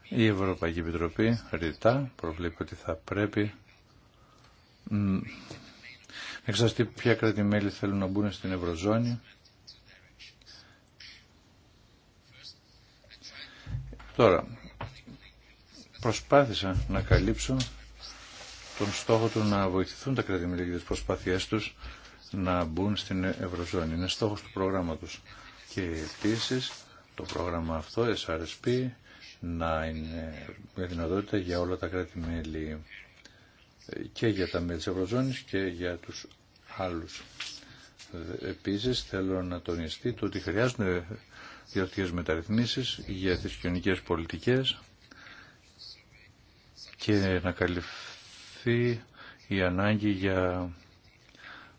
η Ευρωπαϊκή Επιτροπή ρητά προβλέπει ότι θα πρέπει Εξαστεί ποια κράτη-μέλη θέλουν να μπουν στην Ευρωζώνη. Τώρα, προσπάθησα να καλύψω τον στόχο του να βοηθηθούν τα κράτη-μέλη για τις προσπάθειές τους να μπουν στην Ευρωζώνη. Είναι στόχος του προγράμματος. Και επίσης το πρόγραμμα αυτό, SRSP, να είναι δυνατότητα για όλα τα κράτη-μέλη και για τα μέλη της Ευρωζώνης και για τους άλλους. Επίσης θέλω να τονιστεί το ότι χρειάζονται διορθικές μεταρρυθμίσεις για τις κοινωνικές πολιτικές και να καλυφθεί η ανάγκη για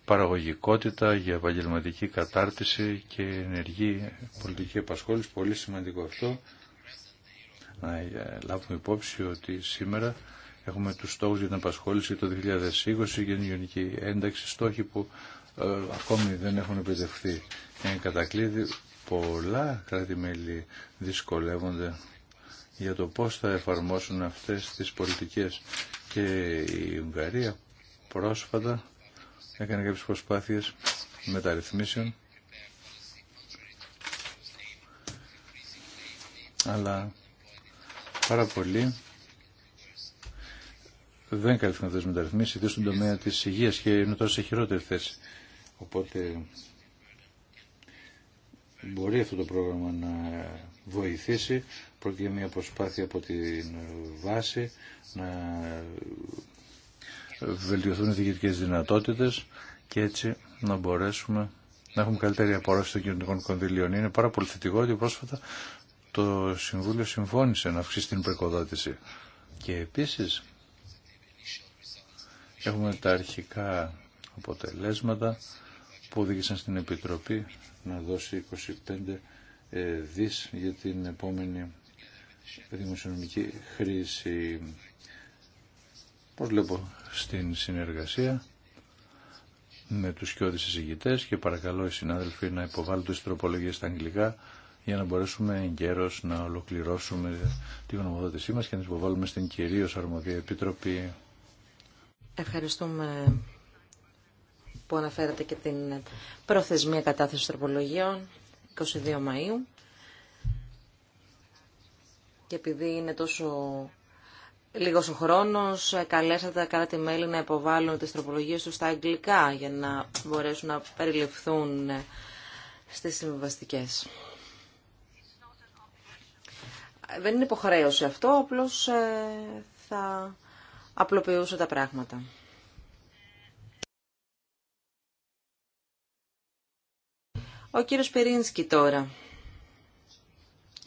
παραγωγικότητα, για επαγγελματική κατάρτιση και ενεργή πολιτική επασχόληση. Πολύ σημαντικό αυτό να ε, λάβουμε υπόψη ότι σήμερα Έχουμε τους στόχους για την απασχόληση το 2020 για την γενική ένταξη, στόχοι που ε, ακόμη δεν έχουν επιτευχθεί. Είναι κατακλείδη πολλά κράτη-μέλη δυσκολεύονται για το πώς θα εφαρμόσουν αυτές τις πολιτικές. Και η Ουγγαρία πρόσφατα έκανε κάποιες προσπάθειες μεταρρυθμίσεων αλλά πάρα πολύ δεν καλύπτουν αυτέ τι μεταρρυθμίσει, ιδίω στον τομέα τη υγεία και είναι τώρα σε χειρότερη θέση. Οπότε μπορεί αυτό το πρόγραμμα να βοηθήσει. Πρόκειται μια προσπάθεια από την βάση να βελτιωθούν οι διοικητικέ δυνατότητε και έτσι να μπορέσουμε να έχουμε καλύτερη απορρόφηση των κοινωνικών κονδυλίων. Είναι πάρα πολύ θετικό ότι πρόσφατα το Συμβούλιο συμφώνησε να αυξήσει την προεκοδότηση. Και επίσης Έχουμε τα αρχικά αποτελέσματα που οδήγησαν στην Επιτροπή να δώσει 25 ε, δις για την επόμενη δημοσιονομική χρήση. Πώς βλέπω στην συνεργασία με τους σκιώδεις συζητητές και παρακαλώ οι συνάδελφοι να υποβάλουν τις τροπολογίες στα αγγλικά για να μπορέσουμε εγκαίρως να ολοκληρώσουμε τη γνωμοδότησή μας και να τις υποβάλουμε στην κυρίως αρμοδία επιτροπή. Ευχαριστούμε που αναφέρατε και την προθεσμία κατάθεση τροπολογίων 22 Μαΐου. Και επειδή είναι τόσο λίγος ο χρόνος, καλέσατε κατά τη μελη να υποβάλουν τις τροπολογίες τους στα αγγλικά για να μπορέσουν να περιληφθούν στις συμβαστικές. Δεν είναι υποχρέωση αυτό, απλώς ε, θα απλοποιούσε τα πράγματα. Ο κύριος Περίνσκι τώρα,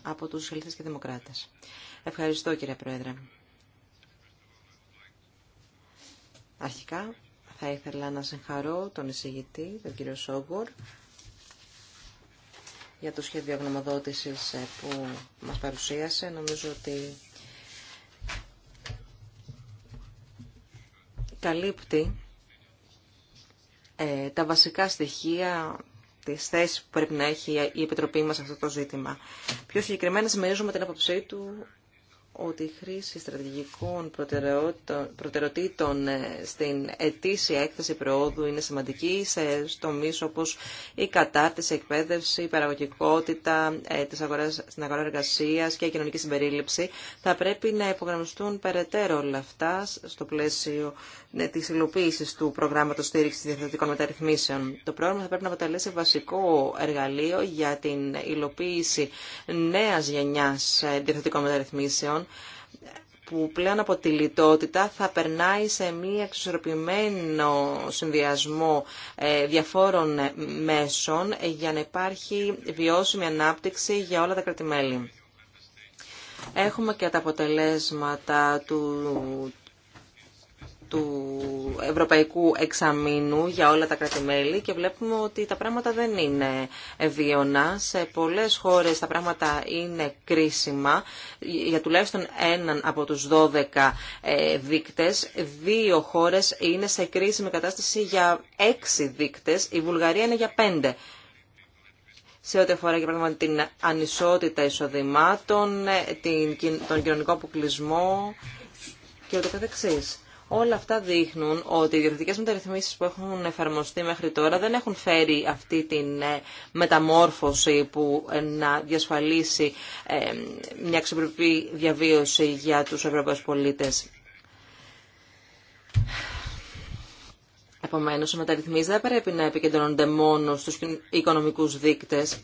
από τους Σοσιαλιστές και Δημοκράτες. Ευχαριστώ κύριε Πρόεδρε. Αρχικά θα ήθελα να συγχαρώ τον εισηγητή, τον κύριο Σόγκορ, για το σχέδιο γνωμοδότησης ε, που μας παρουσίασε. Νομίζω ότι καλύπτει ε, τα βασικά στοιχεία της θέσης που πρέπει να έχει η Επιτροπή μας σε αυτό το ζήτημα. Πιο συγκεκριμένα συμμερίζουμε την άποψή του ότι η χρήση στρατηγικών προτεραιοτήτων ε, στην ετήσια έκθεση προόδου είναι σημαντική σε τομείς όπως η κατάρτιση, η εκπαίδευση, η παραγωγικότητα ε, της αγοράς, στην αγορά εργασία και η κοινωνική συμπερίληψη. Θα πρέπει να υπογραμμιστούν περαιτέρω όλα αυτά στο πλαίσιο ε, της υλοποίηση του προγράμματος στήριξης διαθετικών μεταρρυθμίσεων. Το πρόγραμμα θα πρέπει να αποτελέσει βασικό εργαλείο για την υλοποίηση νέας γενιάς διαθετικών μεταρρυθμίσεων που πλέον από τη λιτότητα θα περνάει σε μία εξισορροπημένο συνδυασμό ε, διαφόρων ε, μέσων για να υπάρχει βιώσιμη ανάπτυξη για όλα τα κρατημέλη. Έχουμε και τα αποτελέσματα του του Ευρωπαϊκού Εξαμήνου για όλα τα κρατη και βλέπουμε ότι τα πράγματα δεν είναι βίωνα. Σε πολλές χώρες τα πράγματα είναι κρίσιμα. Για τουλάχιστον έναν από τους 12 ε, δείκτες, δύο χώρες είναι σε κρίσιμη κατάσταση για έξι δείκτες, η Βουλγαρία είναι για πέντε. Σε ό,τι αφορά, για παράδειγμα, την ανισότητα εισοδημάτων, ε, τον κοινωνικό αποκλεισμό και ούτε καθεξής. Όλα αυτά δείχνουν ότι οι διορθωτικέ μεταρρυθμίσεις που έχουν εφαρμοστεί μέχρι τώρα δεν έχουν φέρει αυτή τη ε, μεταμόρφωση που ε, να διασφαλίσει ε, μια αξιοπρεπή διαβίωση για τους Ευρωπαίους πολίτες. Επομένω, οι μεταρρυθμίσεις δεν πρέπει να επικεντρώνονται μόνο στους οικονομικούς δείκτες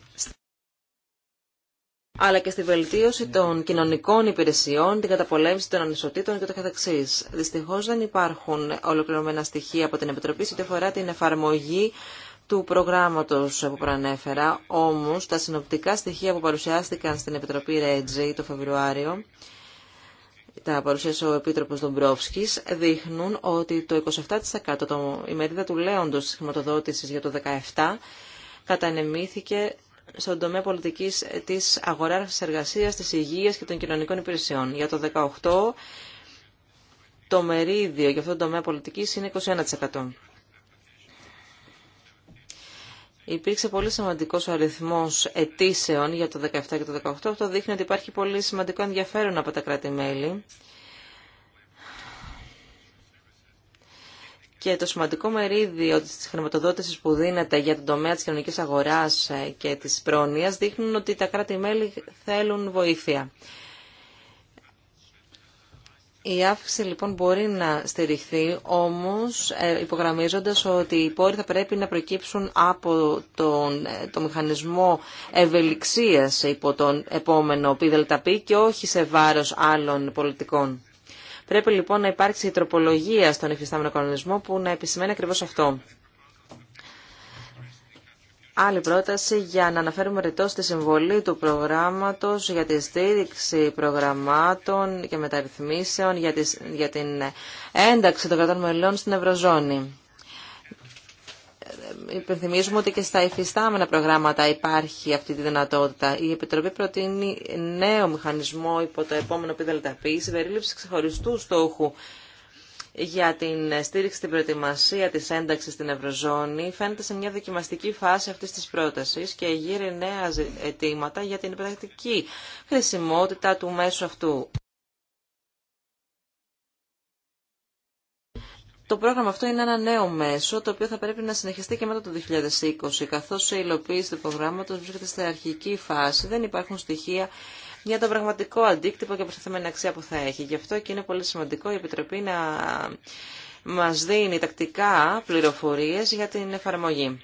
αλλά και στη βελτίωση των κοινωνικών υπηρεσιών, την καταπολέμηση των ανισοτήτων και το καθεξής. Δυστυχώς δεν υπάρχουν ολοκληρωμένα στοιχεία από την Επιτροπή σε ό,τι αφορά την εφαρμογή του προγράμματος που προανέφερα, όμως τα συνοπτικά στοιχεία που παρουσιάστηκαν στην Επιτροπή ΡΕΤΖΙ το Φεβρουάριο, τα παρουσίασε ο Επίτροπος Δομπρόφσκης, δείχνουν ότι το 27% το, η μερίδα του λέοντος της χρηματοδότησης για το 2017 κατανεμήθηκε στον τομέα πολιτικής της αγοράς εργασίας, τη υγεία και των κοινωνικών υπηρεσιών. Για το 2018 το μερίδιο για αυτό τον τομέα πολιτικής είναι 21%. Υπήρξε πολύ σημαντικό αριθμό αιτήσεων για το 2017 και το 2018. Αυτό δείχνει ότι υπάρχει πολύ σημαντικό ενδιαφέρον από τα κράτη-μέλη και το σημαντικό μερίδιο τη χρηματοδότηση που δίνεται για τον τομέα της κοινωνική αγοράς ε, και της πρόνοιας δείχνουν ότι τα κράτη-μέλη θέλουν βοήθεια. Η αύξηση λοιπόν μπορεί να στηριχθεί, όμως ε, υπογραμμίζοντας ότι οι πόροι θα πρέπει να προκύψουν από τον, ε, το μηχανισμό ευελιξίας υπό τον επόμενο ΠΔΠ και όχι σε βάρος άλλων πολιτικών. Πρέπει λοιπόν να υπάρξει η τροπολογία στον υφιστάμενο κανονισμό που να επισημαίνει ακριβώς αυτό. Άλλη πρόταση για να αναφέρουμε ρητό στη συμβολή του προγράμματος για τη στήριξη προγραμμάτων και μεταρρυθμίσεων για, την ένταξη των κρατών μελών στην Ευρωζώνη υπενθυμίζουμε ότι και στα υφιστάμενα προγράμματα υπάρχει αυτή τη δυνατότητα. Η Επιτροπή προτείνει νέο μηχανισμό υπό το επόμενο πιδελταπή, συμπερίληψη ξεχωριστού στόχου για την στήριξη στην προετοιμασία της ένταξης στην Ευρωζώνη φαίνεται σε μια δοκιμαστική φάση αυτής της πρότασης και γύρει νέα αιτήματα για την πρακτική χρησιμότητα του μέσου αυτού. Το πρόγραμμα αυτό είναι ένα νέο μέσο, το οποίο θα πρέπει να συνεχιστεί και μετά το 2020, καθώς σε υλοποίηση του προγράμματος βρίσκεται στην αρχική φάση, δεν υπάρχουν στοιχεία για το πραγματικό αντίκτυπο και προσθεμένη αξία που θα έχει. Γι' αυτό και είναι πολύ σημαντικό η Επιτροπή να μας δίνει τακτικά πληροφορίες για την εφαρμογή.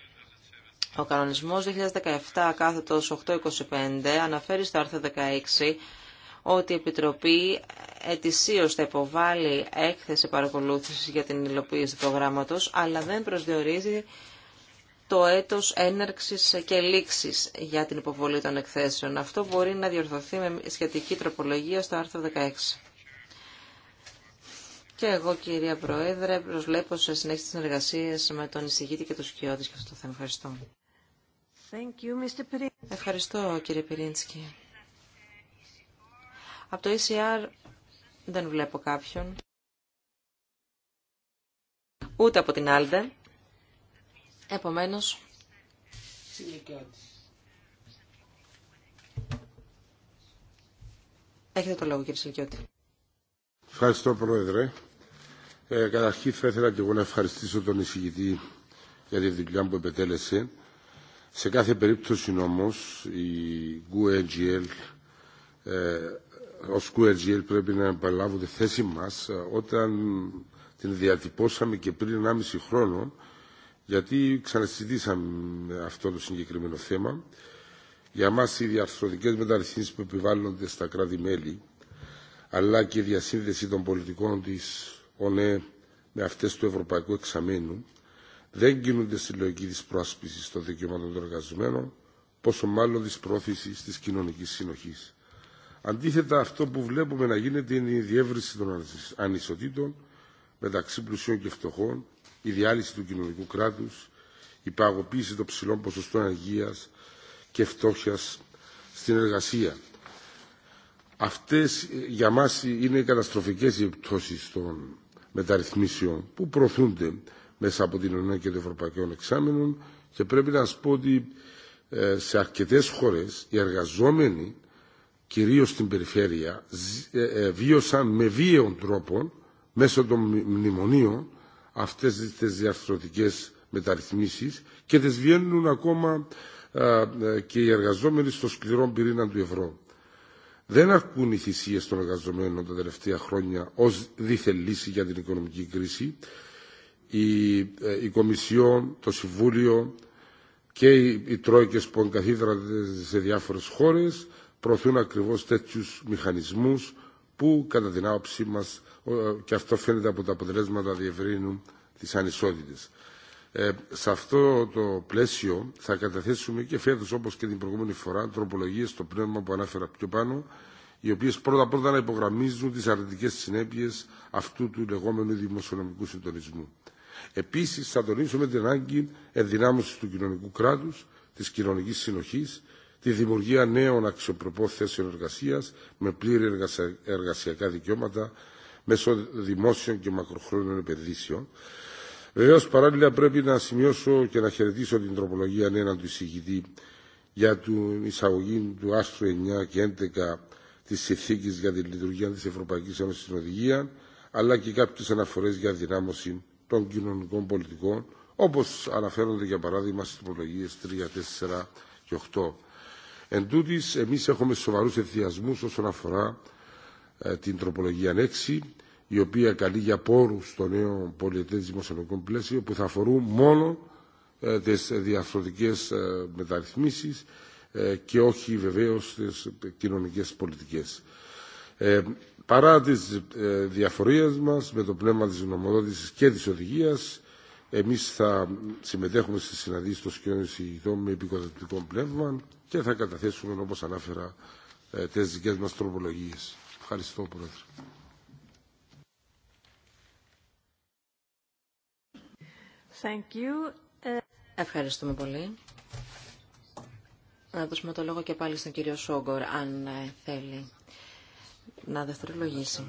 Ο κανονισμός 2017 κάθετος 825 αναφέρει στο άρθρο 16 ότι η Επιτροπή ετησίως θα υποβάλει έκθεση παρακολούθησης για την υλοποίηση του προγράμματος, αλλά δεν προσδιορίζει το έτος έναρξης και λήξης για την υποβολή των εκθέσεων. Αυτό μπορεί να διορθωθεί με σχετική τροπολογία στο άρθρο 16. Και εγώ, κυρία Πρόεδρε, προσβλέπω σε συνέχιση συνεργασίες με τον εισηγήτη και τους κοιότητες και αυτό θα ευχαριστώ. you, Mr. Ευχαριστώ, κύριε Πυρίνσκι. Από το ECR δεν βλέπω κάποιον. Ούτε από την Άλντε. Επομένως... Έχετε το λόγο κύριε Σιλικιώτη. Ευχαριστώ Πρόεδρε. Ε, καταρχήν θα ήθελα και εγώ να ευχαριστήσω τον εισηγητή για τη δουλειά που επετέλεσε. Σε κάθε περίπτωση όμως η GUEGL ε, ως QRGL πρέπει να επαλάβουν τη θέση μας ε, όταν την διατυπώσαμε και πριν 1,5 χρόνο γιατί ξανασυζητήσαμε αυτό το συγκεκριμένο θέμα. Για μας οι διαρθρωτικές μεταρρυθμίσεις που επιβάλλονται στα κράτη-μέλη αλλά και η διασύνδεση των πολιτικών της ΟΝΕ με αυτές του Ευρωπαϊκού Εξαμένου δεν κινούνται στη λογική τη πρόσπισης των δικαιωμάτων των εργαζομένων πόσο μάλλον τη πρόθεση της κοινωνική συνοχή. Αντίθετα, αυτό που βλέπουμε να γίνεται είναι η διεύρυνση των ανισοτήτων μεταξύ πλουσιών και φτωχών, η διάλυση του κοινωνικού κράτους, η παγωποίηση των ψηλών ποσοστών υγεία και φτώχεια στην εργασία. Αυτές ε, για μας είναι οι καταστροφικές επιπτώσεις των μεταρρυθμίσεων που προωθούνται μέσα από την ΕΕ και των Ευρωπαϊκών και πρέπει να σα πω ότι ε, σε αρκετές χώρες οι εργαζόμενοι κυρίως στην περιφέρεια, ε, ε, βίωσαν με βίαιον τρόπο, μέσω των μνημονίων, αυτές τις διαρθρωτικές μεταρρυθμίσεις και τις βιώνουν ακόμα ε, και οι εργαζόμενοι στο σκληρό πυρήνα του ευρώ. Δεν αρκούν οι θυσίε των εργαζομένων τα τελευταία χρόνια ως δίθεν λύση για την οικονομική κρίση. Η, η Κομισιόν, το Συμβούλιο και οι, οι Τρόικες που εγκαθίδρανται σε διάφορες χώρες προωθούν ακριβώ τέτοιου μηχανισμού που κατά την άποψή μα και αυτό φαίνεται από τα αποτελέσματα διευρύνουν τι ανισότητε. Ε, σε αυτό το πλαίσιο θα καταθέσουμε και φέτο όπω και την προηγούμενη φορά τροπολογίε στο πνεύμα που ανάφερα πιο πάνω οι οποίε πρωτα πρώτα-πρώτα να υπογραμμίζουν τι αρνητικέ συνέπειε αυτού του λεγόμενου δημοσιονομικού συντονισμού. Επίση, θα τονίσουμε την ανάγκη ενδυνάμωση του κοινωνικού κράτου, τη κοινωνική συνοχή τη δημιουργία νέων αξιοπρεπών θέσεων εργασία με πλήρη εργασιακά δικαιώματα μέσω δημόσιων και μακροχρόνων επενδύσεων. Βεβαίω, παράλληλα, πρέπει να σημειώσω και να χαιρετήσω την τροπολογία νέα του εισηγητή για την εισαγωγή του άρθρου 9 και 11 τη συνθήκη για τη λειτουργία τη Ευρωπαϊκή Ένωση στην Οδηγία, αλλά και κάποιε αναφορέ για δυνάμωση των κοινωνικών πολιτικών, όπω αναφέρονται για παράδειγμα στι τροπολογίε 3, 4 και 8. Εν τούτης, εμείς έχουμε σοβαρούς ευθυασμούς όσον αφορά ε, την τροπολογία 6, η οποία καλεί για πόρους στο νέο πολιετές δημοσιονομικό πλαίσιο που θα αφορούν μόνο ε, τις ε, μεταρρυθμίσεις ε, και όχι βεβαίως τις κοινωνικές πολιτικές. Παρά τις διαφορίες μας με το πνεύμα της νομοδότησης και της οδηγίας, εμείς θα συμμετέχουμε στη συναντήση των σκηνών εισηγητών με επικοδοτικό πνεύμα και θα καταθέσουμε, όπως ανάφερα, ε, τις δικές μας τροπολογίες. Ευχαριστώ, Πρόεδρε. Thank you. Ε, ευχαριστούμε πολύ. Να δώσουμε το λόγο και πάλι στον κύριο Σόγκορ, αν ε, θέλει να δευτερολογήσει.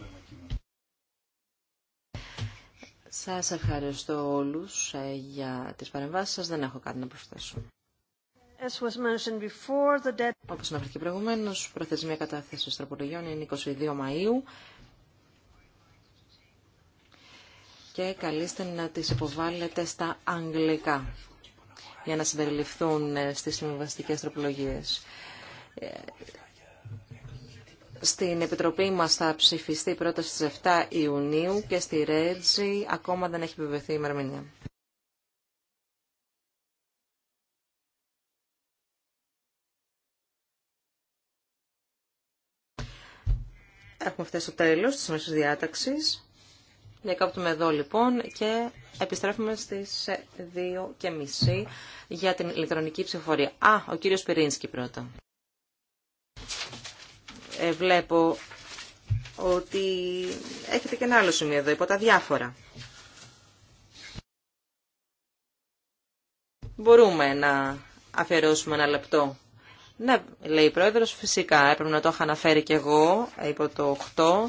Σας ευχαριστώ όλους ε, για τις παρεμβάσεις σας. Δεν έχω κάτι να προσθέσω. Όπως αναφέρθηκε προηγουμένως, προθεσμία κατάθεση τροπολογιών είναι 22 Μαΐου και καλείστε να τις υποβάλλετε στα αγγλικά για να συμπεριληφθούν ε, στις συμβαστικές τροπολογίες. Ε, στην Επιτροπή μας θα ψηφιστεί πρώτα στις 7 Ιουνίου και στη Ρέτζη ακόμα δεν έχει επιβεβαιωθεί η ημερομηνία. Έχουμε φτάσει στο τέλος της μέσης διάταξης. Διακόπτουμε εδώ λοιπόν και επιστρέφουμε στις 2.30 για την ηλεκτρονική ψηφοφορία. Α, ο κύριος Πυρίνσκι πρώτα. Ε, βλέπω ότι έχετε και ένα άλλο σημείο εδώ, υπό τα διάφορα. Μπορούμε να αφιερώσουμε ένα λεπτό. Ναι, λέει η Πρόεδρος, φυσικά έπρεπε να το είχα αναφέρει και εγώ ε, υπό το 8.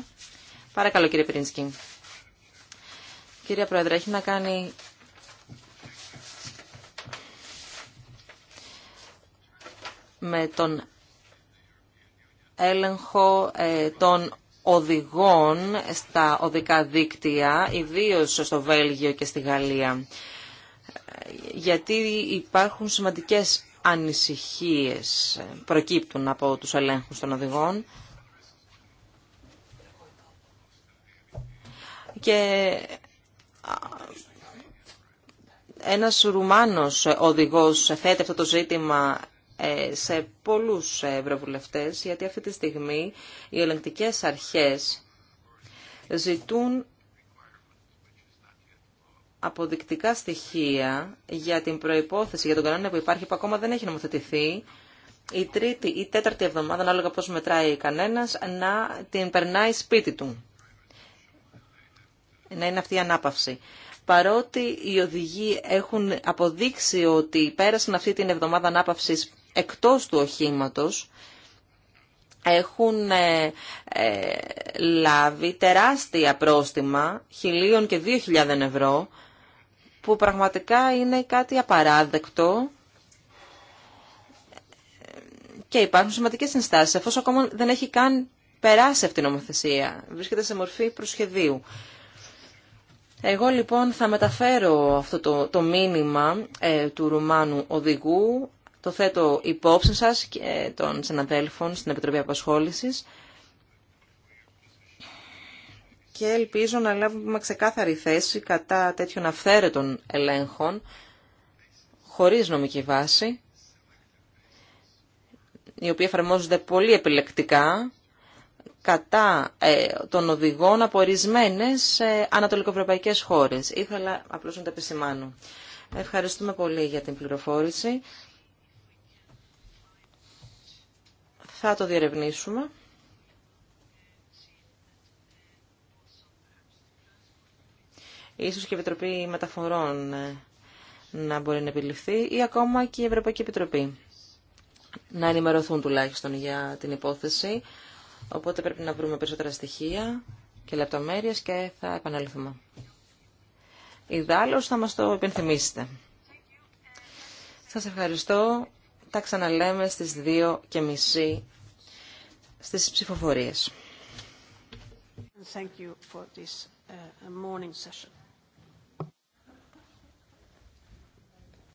Παρακαλώ κύριε Πρίνσκι. Κύριε Πρόεδρε, έχει να κάνει με τον έλεγχο ε, των οδηγών στα οδικά δίκτυα, ιδίως στο Βέλγιο και στη Γαλλία. Γιατί υπάρχουν σημαντικές ανησυχίες ε, προκύπτουν από τους ελέγχους των οδηγών. Και ένας Ρουμάνος οδηγός θέτει αυτό το ζήτημα ε, σε πολλούς ευρωβουλευτές, γιατί αυτή τη στιγμή οι ελεγκτικές αρχές ζητούν αποδεικτικά στοιχεία για την προϋπόθεση, για τον κανόνα που υπάρχει, που ακόμα δεν έχει νομοθετηθεί, η τρίτη ή τέταρτη εβδομάδα, ανάλογα πώς μετράει κανένας, να την περνάει σπίτι του. Να είναι αυτή η ανάπαυση. Παρότι οι οδηγοί έχουν αποδείξει ότι πέρασαν αυτή την εβδομάδα ανάπαυσης εκτός του οχήματος έχουν ε, ε, λάβει τεράστια πρόστιμα, χιλίων και δύο χιλιάδων ευρώ, που πραγματικά είναι κάτι απαράδεκτο και υπάρχουν σημαντικές συνστάσεις, εφόσον ακόμα δεν έχει καν περάσει αυτή η νομοθεσία. Βρίσκεται σε μορφή προσχεδίου. Εγώ λοιπόν θα μεταφέρω αυτό το, το μήνυμα ε, του Ρουμάνου οδηγού το θέτω υπόψη σας και των συναδέλφων στην Επιτροπή Απασχόλησης και ελπίζω να λάβουμε ξεκάθαρη θέση κατά τέτοιων αυθαίρετων ελέγχων χωρίς νομική βάση οι οποίοι εφαρμόζονται πολύ επιλεκτικά κατά ε, των οδηγών από ορισμένε ε, ανατολικοευρωπαϊκές χώρες. Ήθελα απλώς να τα επισημάνω. Ευχαριστούμε πολύ για την πληροφόρηση. Θα το διερευνήσουμε. Ίσως και η Επιτροπή Μεταφορών ε, να μπορεί να επιληφθεί ή ακόμα και η Ευρωπαϊκή Επιτροπή να ενημερωθούν τουλάχιστον για την υπόθεση. Οπότε πρέπει να βρούμε περισσότερα στοιχεία και λεπτομέρειες και θα επανέλθουμε. Ιδάλλως θα μας το επενθυμίσετε. Σας ευχαριστώ τα ξαναλέμε στις 2.30 και μισή στις ψηφοφορίες. Thank you for this, uh, morning